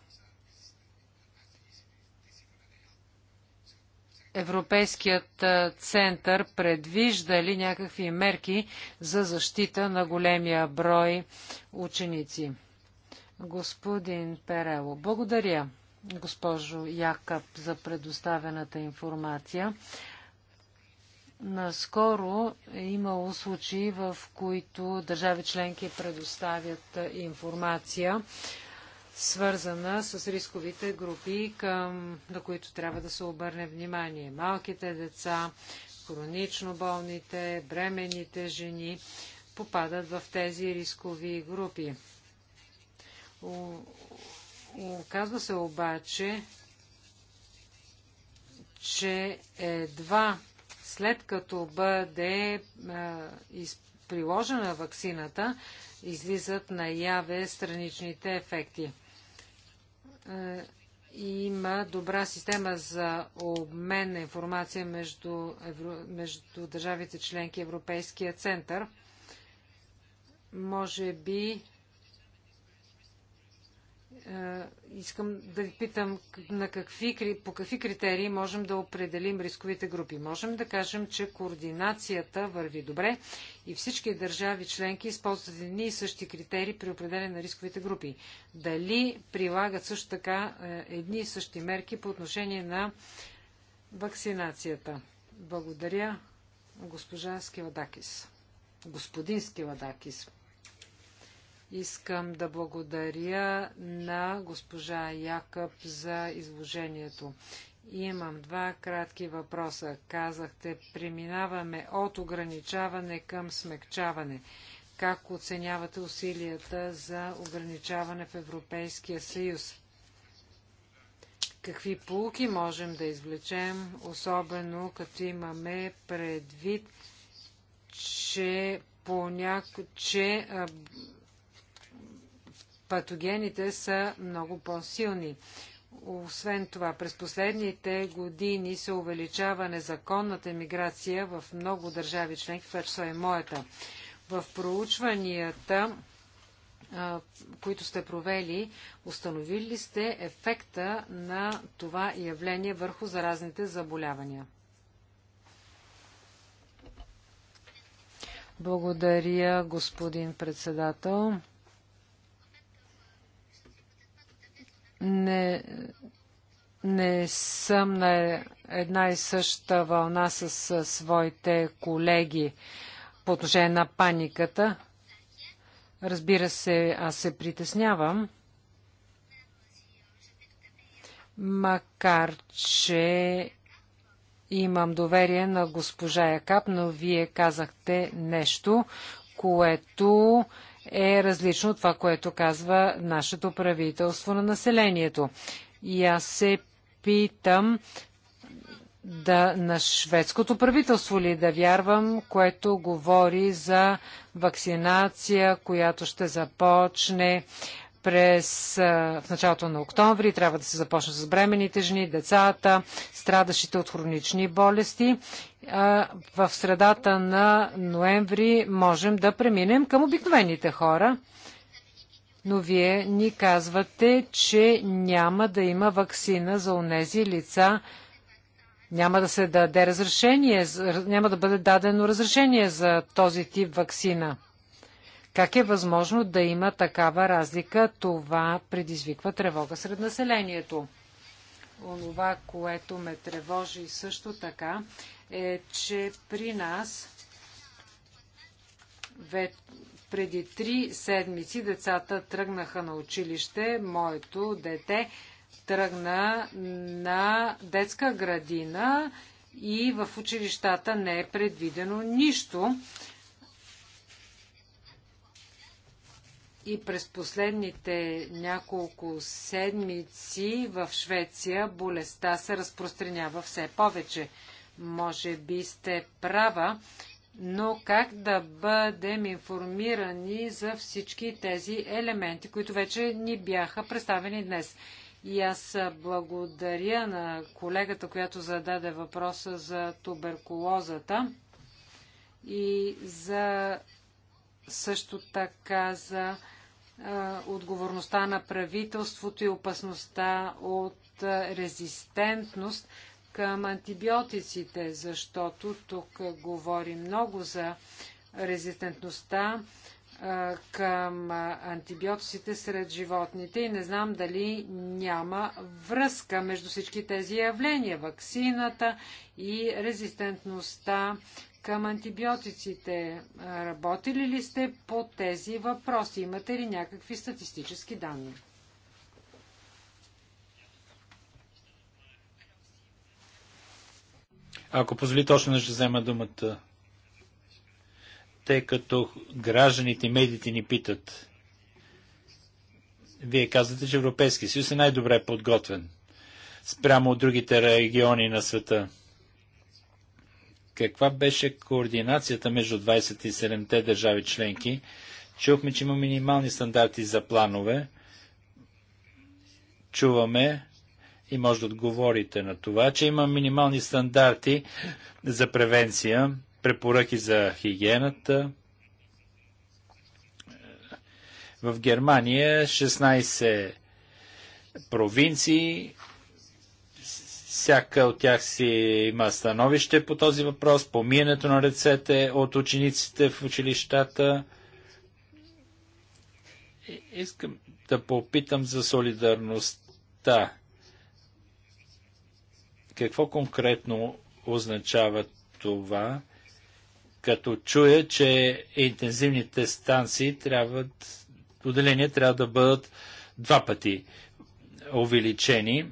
Европейският център предвижда ли някакви мерки за защита на големия брой ученици? Господин Перело, благодаря, госпожо Якаб, за предоставената информация. Наскоро е имало случаи, в които държави членки предоставят информация, свързана с рисковите групи, към, на които трябва да се обърне внимание. Малките деца, хронично болните, бременните жени попадат в тези рискови групи. Оказва се обаче, че едва след като бъде приложена ваксината, излизат наяве страничните ефекти. има добра система за обмен на информация между, евро, между държавите членки Европейския център. Може би е, искам да ви питам на какви, по какви критерии можем да определим рисковите групи. Можем да кажем, че координацията върви добре и всички държави членки използват едни и същи критерии при определение на рисковите групи. Дали прилагат също така е, едни и същи мерки по отношение на вакцинацията? Благодаря, госпожа Скиладакис. Господин Скиладакис. Искам да благодаря на госпожа Якъб за изложението. Имам два кратки въпроса. Казахте, преминаваме от ограничаване към смекчаване. Как оценявате усилията за ограничаване в Европейския съюз? Какви полуки можем да извлечем, особено като имаме предвид, че, поняк... че патогените са много по-силни. Освен това, през последните години се увеличава незаконната миграция в много държави членки, това число е моята. В проучванията, които сте провели, установили сте ефекта на това явление върху заразните заболявания? Благодаря, господин председател. не, не съм на една и съща вълна с своите колеги по отношение на паниката. Разбира се, аз се притеснявам. Макар, че имам доверие на госпожа Якап, но вие казахте нещо, което е различно от това, което казва нашето правителство на населението. И аз се питам да, на шведското правителство ли да вярвам, което говори за вакцинация, която ще започне през, в началото на октомври. Трябва да се започне с бременните жени, децата, страдащите от хронични болести. В средата на ноември можем да преминем към обикновените хора. Но вие ни казвате, че няма да има вакцина за онези лица, няма да се даде разрешение, няма да бъде дадено разрешение за този тип вакцина. Как е възможно да има такава разлика? Това предизвиква тревога сред населението. Онова, което ме тревожи също така, е, че при нас преди три седмици децата тръгнаха на училище. Моето дете тръгна на детска градина и в училищата не е предвидено нищо И през последните няколко седмици в Швеция болестта се разпространява все повече. Може би сте права, но как да бъдем информирани за всички тези елементи, които вече ни бяха представени днес? И аз благодаря на колегата, която зададе въпроса за туберкулозата и за също така за отговорността на правителството и опасността от резистентност към антибиотиците, защото тук говори много за резистентността към антибиотиците сред животните и не знам дали няма връзка между всички тези явления, ваксината и резистентността към антибиотиците. Работили ли сте по тези въпроси? Имате ли някакви статистически данни?
Ако точно да ще взема думата. Тъй като гражданите и медиите ни питат. Вие казвате, че Европейския съюз е най-добре подготвен спрямо от другите региони на света каква беше координацията между 27-те държави членки? Чухме, че има минимални стандарти за планове. Чуваме и може да отговорите на това, че има минимални стандарти за превенция, препоръки за хигиената. В Германия 16 провинции всяка от тях си има становище по този въпрос, миенето на ръцете от учениците в училищата. Искам да попитам за солидарността. Какво конкретно означава това, като чуя, че интензивните станции трябва, отделения трябва да бъдат два пъти увеличени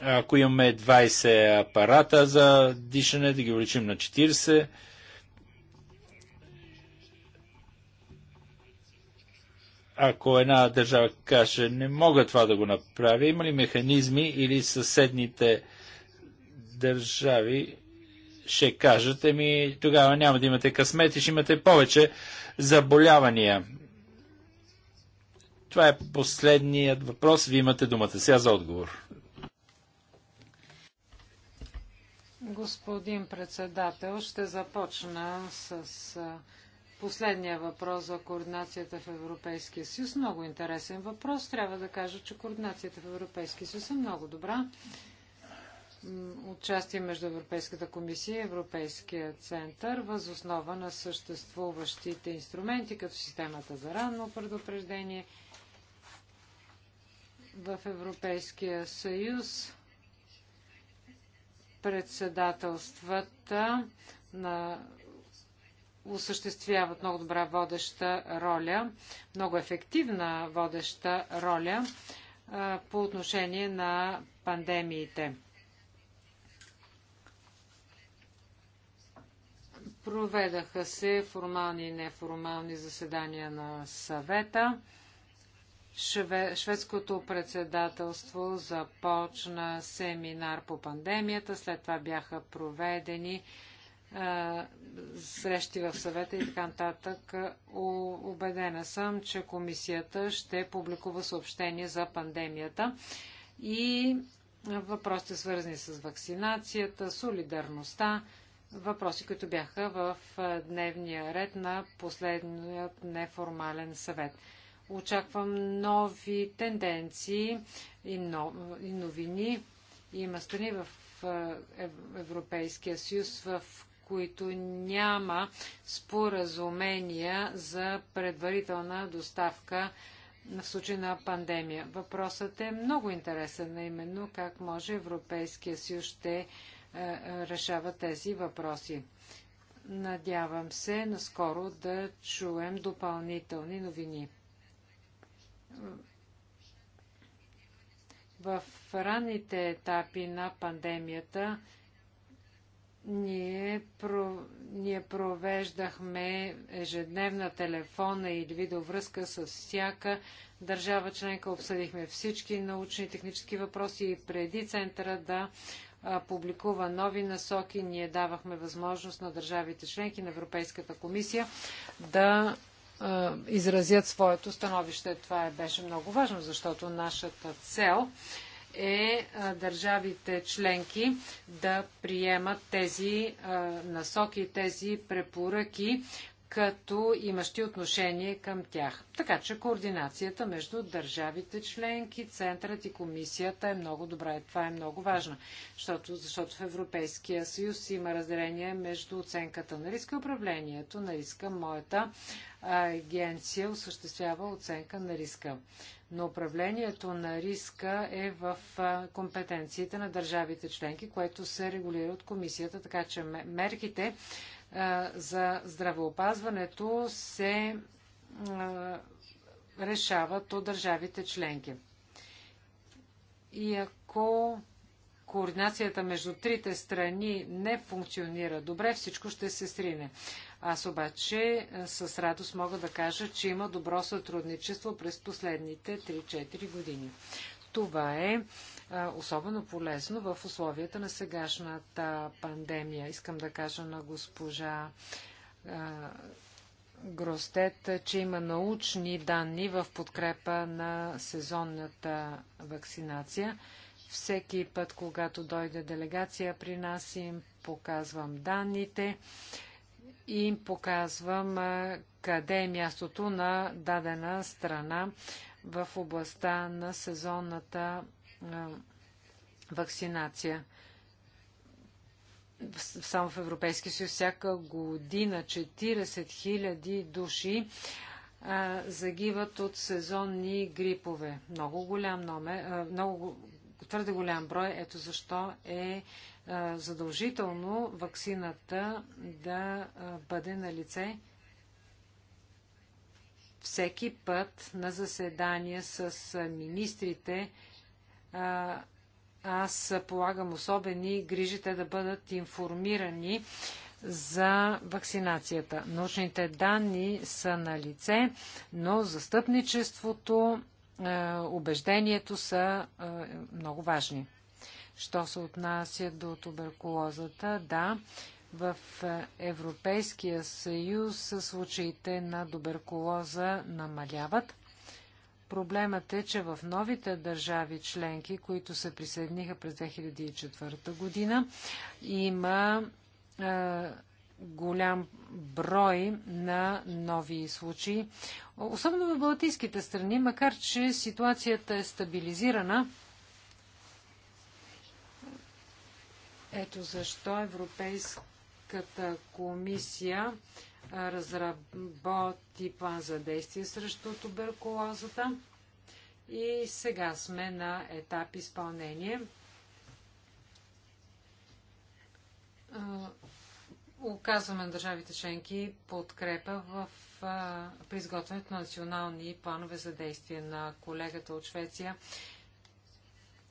ако имаме 20 апарата за дишане, да ги увеличим на 40. Ако една държава каже, не мога това да го направя, има ли механизми или съседните държави ще кажат, еми тогава няма да имате късмет и ще имате повече заболявания. Това е последният въпрос. Вие имате думата сега за отговор.
Господин председател, ще започна с последния въпрос за координацията в Европейския съюз. Много интересен въпрос. Трябва да кажа, че координацията в Европейския съюз е много добра. Участие между Европейската комисия и Европейския център възоснова на съществуващите инструменти, като системата за ранно предупреждение в Европейския съюз председателствата на осъществяват много добра водеща роля, много ефективна водеща роля по отношение на пандемиите. Проведаха се формални и неформални заседания на съвета. Шведското председателство започна семинар по пандемията, след това бяха проведени срещи в съвета и така нататък. Обедена съм, че комисията ще публикува съобщение за пандемията и въпросите свързани с вакцинацията, солидарността, въпроси, които бяха в дневния ред на последният неформален съвет. Очаквам нови тенденции и новини. Има страни в Европейския съюз, в които няма споразумения за предварителна доставка в случай на пандемия. Въпросът е много интересен, на именно как може Европейския съюз ще решава тези въпроси. Надявам се наскоро да чуем допълнителни новини в ранните етапи на пандемията ние, про, ние провеждахме ежедневна телефона или видеовръзка с всяка държава членка. Обсъдихме всички научни и технически въпроси и преди центъра да публикува нови насоки. Ние давахме възможност на държавите членки на Европейската комисия да изразят своето становище. Това е, беше много важно, защото нашата цел е държавите членки да приемат тези насоки, тези препоръки като имащи отношение към тях. Така че координацията между държавите членки, центърът и комисията е много добра и това е много важно, защото, защото в Европейския съюз има разделение между оценката на риска и управлението на риска. Моята агенция осъществява оценка на риска. Но управлението на риска е в компетенциите на държавите членки, което се регулира от комисията, така че мерките, за здравеопазването се решават от държавите членки. И ако координацията между трите страни не функционира добре, всичко ще се срине. Аз обаче с радост мога да кажа, че има добро сътрудничество през последните 3-4 години. Това е особено полезно в условията на сегашната пандемия. Искам да кажа на госпожа Гростет, че има научни данни в подкрепа на сезонната вакцинация. Всеки път, когато дойде делегация при нас, им показвам данните и им показвам къде е мястото на дадена страна в областта на сезонната вакцинация. Само в Европейския съюз всяка година 40 000 души загиват от сезонни грипове. Много голям номер, много, твърде голям брой. Ето защо е задължително вакцината да бъде на лице всеки път на заседания с министрите аз полагам особени грижи те да бъдат информирани за вакцинацията. Научните данни са на лице, но застъпничеството, убеждението са много важни. Що се отнася до туберкулозата, да, в Европейския съюз случаите на туберкулоза намаляват Проблемът е, че в новите държави членки, които се присъединиха през 2004 година, има е, голям брой на нови случаи. Особено в Балтийските страни, макар че ситуацията е стабилизирана, ето защо Европейската комисия разработи план за действие срещу туберкулозата и сега сме на етап изпълнение. Оказваме на държавите членки подкрепа в, при изготвянето на национални планове за действие на колегата от Швеция.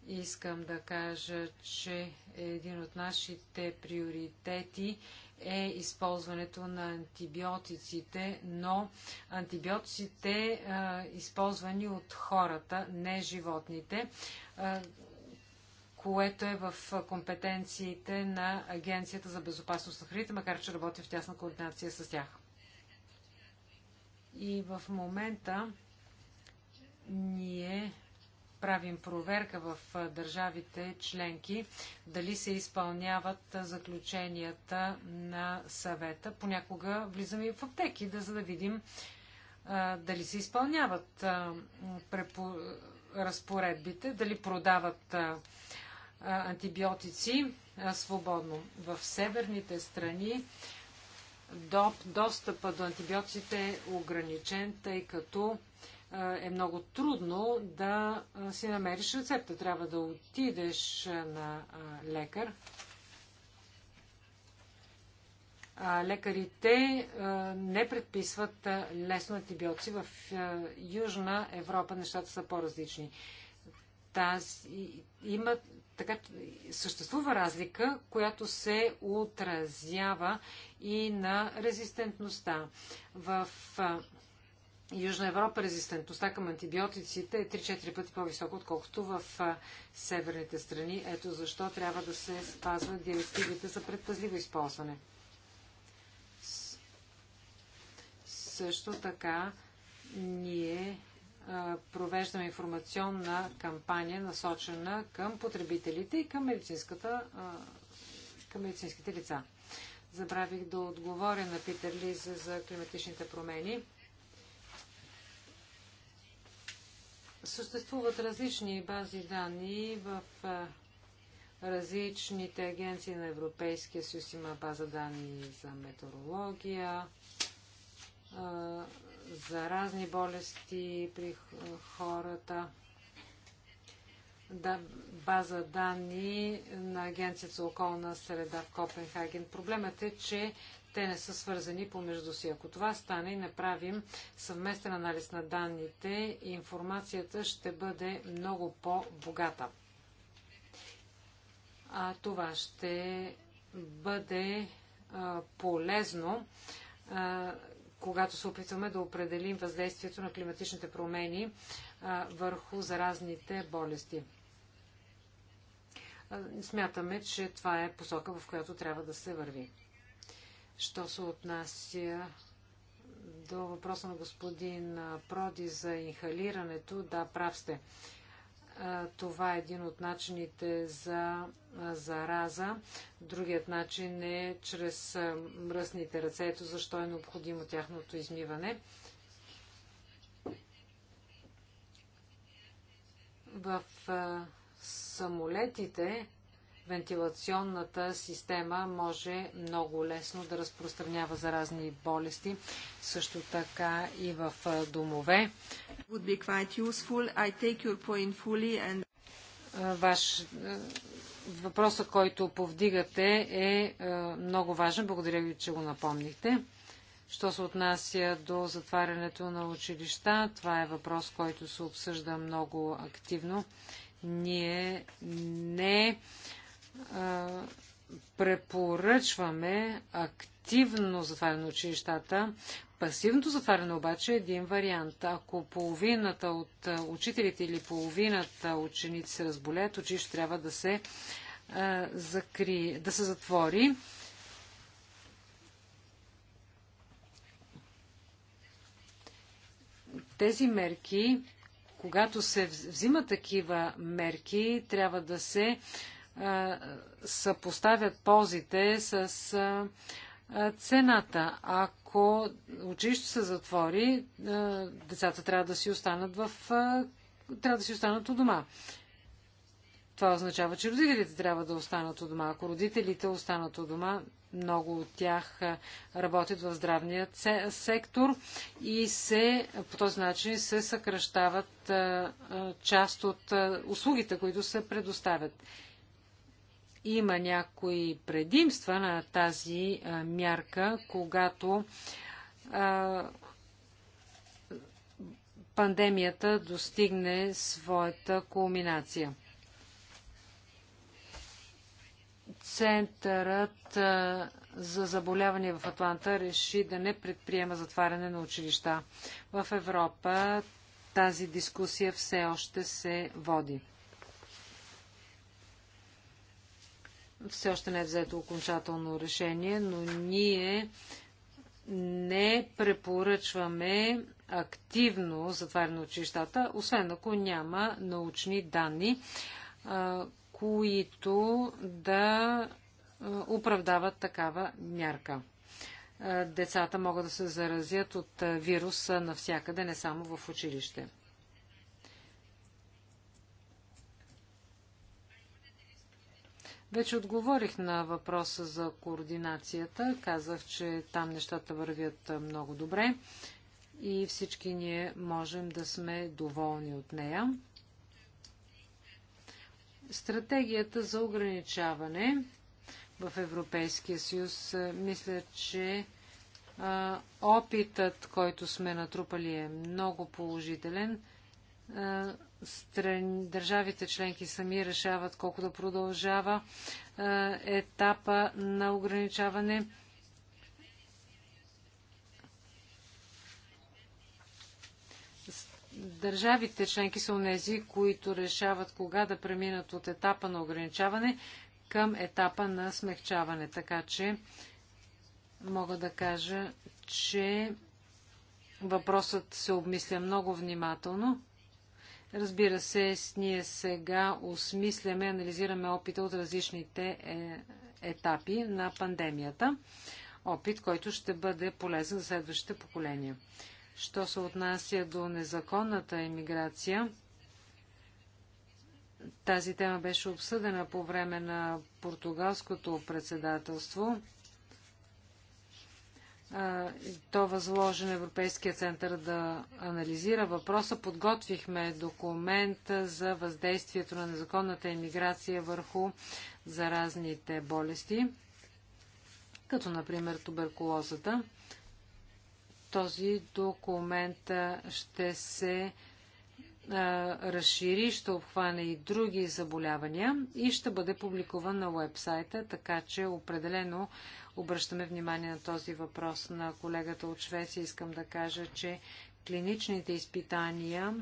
Искам да кажа, че един от нашите приоритети е е използването на антибиотиците, но антибиотиците, а, е, използвани от хората, не животните, а, е, което е в компетенциите на Агенцията за безопасност на храните, макар че работи в тясна координация с тях. И в момента ние правим проверка в държавите членки дали се изпълняват заключенията на съвета. Понякога влизаме и в аптеки, да, за да видим дали се изпълняват препо... разпоредбите, дали продават антибиотици свободно. В северните страни до, достъпа до антибиотиците е ограничен, тъй като е много трудно да си намериш рецепта. Трябва да отидеш на лекар. Лекарите не предписват лесно антибиотици. В Южна Европа нещата са по-различни. Тази, има, така, съществува разлика, която се отразява и на резистентността. В Южна Европа резистентността към антибиотиците е 3-4 пъти по-висока, отколкото в северните страни. Ето защо трябва да се спазват директивите за предпазливо използване. Също така ние провеждаме информационна кампания, насочена към потребителите и към, медицинската, към медицинските лица. Забравих да отговоря на Питер Лиза за климатичните промени Съществуват различни бази данни в различните агенции на Европейския съюз. Има база данни за метеорология, за разни болести при хората. Да, база данни на Агенцията за околна среда в Копенхаген. Проблемът е, че те не са свързани помежду си. Ако това стане и направим съвместен анализ на данните, информацията ще бъде много по-богата. А това ще бъде а, полезно, а, когато се опитваме да определим въздействието на климатичните промени а, върху заразните болести. Смятаме, че това е посока, в която трябва да се върви. Що се отнася до въпроса на господин Проди за инхалирането, да, прав сте. Това е един от начините за зараза. Другият начин е чрез мръсните ръце. Ето защо е необходимо тяхното измиване. В самолетите вентилационната система може много лесно да разпространява заразни болести, също така и в домове. Ваш въпросът, който повдигате е много важен. Благодаря ви, че го напомнихте. Що се отнася до затварянето на училища, това е въпрос, който се обсъжда много активно. Ние не препоръчваме активно затваряне на училищата. Пасивното затваряне обаче е един вариант. Ако половината от учителите или половината ученици се разболеят, училище трябва да се, закри... да се затвори. Тези мерки, когато се взима такива мерки, трябва да се а, съпоставят ползите с цената. Ако училището се затвори, децата трябва да си останат в трябва да си останат у дома. Това означава, че родителите трябва да останат у дома. Ако родителите останат у дома, много от тях работят в здравния сектор и се, по този начин се съкръщават част от услугите, които се предоставят. Има някои предимства на тази мярка, когато пандемията достигне своята кулминация. Центърът за заболяване в Атланта реши да не предприема затваряне на училища. В Европа тази дискусия все още се води. все още не е взето окончателно решение, но ние не препоръчваме активно затваряне на училищата, освен ако няма научни данни, които да оправдават такава мярка. Децата могат да се заразят от вируса навсякъде, не само в училище. Вече отговорих на въпроса за координацията. Казах, че там нещата вървят много добре и всички ние можем да сме доволни от нея. Стратегията за ограничаване в Европейския съюз, е, мисля, че опитът, който сме натрупали е много положителен държавите членки сами решават колко да продължава етапа на ограничаване. Държавите членки са унези, които решават кога да преминат от етапа на ограничаване към етапа на смягчаване. Така че мога да кажа, че въпросът се обмисля много внимателно. Разбира се, ние сега осмисляме, анализираме опита от различните е, етапи на пандемията. Опит, който ще бъде полезен за следващите поколения. Що се отнася до незаконната иммиграция, тази тема беше обсъдена по време на португалското председателство то възложен Европейския център да анализира въпроса. Подготвихме документ за въздействието на незаконната иммиграция върху заразните болести, като например туберкулозата. Този документ ще се разшири, ще обхване и други заболявания и ще бъде публикуван на уебсайта, така че определено обръщаме внимание на този въпрос на колегата от Швеция. Искам да кажа, че клиничните изпитания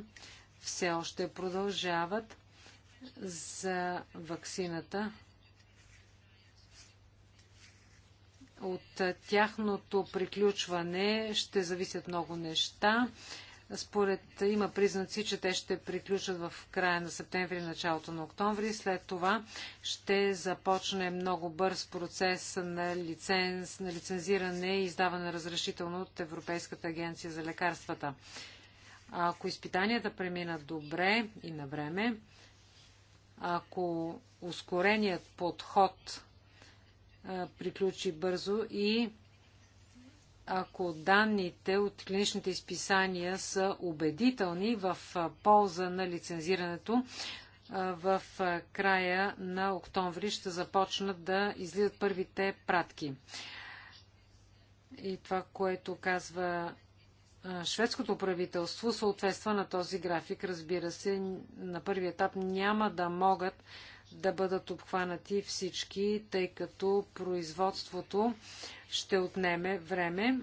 все още продължават за ваксината. От тяхното приключване ще зависят много неща. Според има признаци, че те ще приключат в края на септември, началото на октомври. След това ще започне много бърз процес на, лиценз, на лицензиране и издаване разрешително от Европейската агенция за лекарствата. Ако изпитанията преминат добре и на време, ако ускореният подход приключи бързо и ако данните от клиничните изписания са убедителни в полза на лицензирането, в края на октомври ще започнат да излизат първите пратки. И това, което казва шведското правителство, съответства на този график. Разбира се, на първи етап няма да могат да бъдат обхванати всички, тъй като производството ще отнеме време.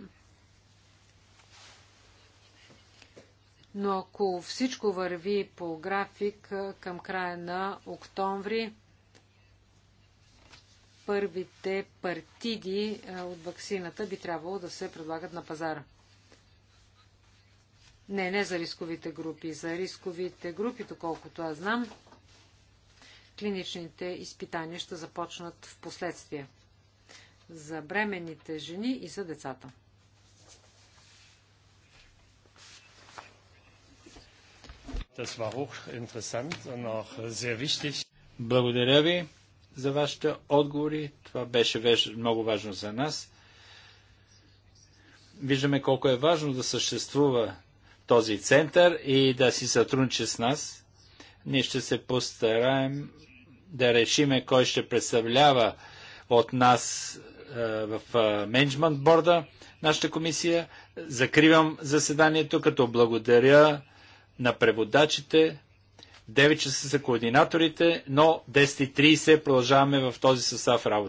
Но ако всичко върви по график към края на октомври, първите партиди от ваксината би трябвало да се предлагат на пазара. Не, не за рисковите групи. За рисковите групи, доколкото аз знам, клиничните изпитания ще започнат в последствие за бременните жени и за децата.
Благодаря ви за вашите отговори. Това беше много важно за нас. Виждаме колко е важно да съществува този център и да си сътрудничи с нас. Ние ще се постараем да решиме кой ще представлява от нас е, в е, менеджмент борда, нашата комисия. Закривам заседанието, като благодаря на преводачите. 9 часа са координаторите, но 10.30 продължаваме в този състав работа.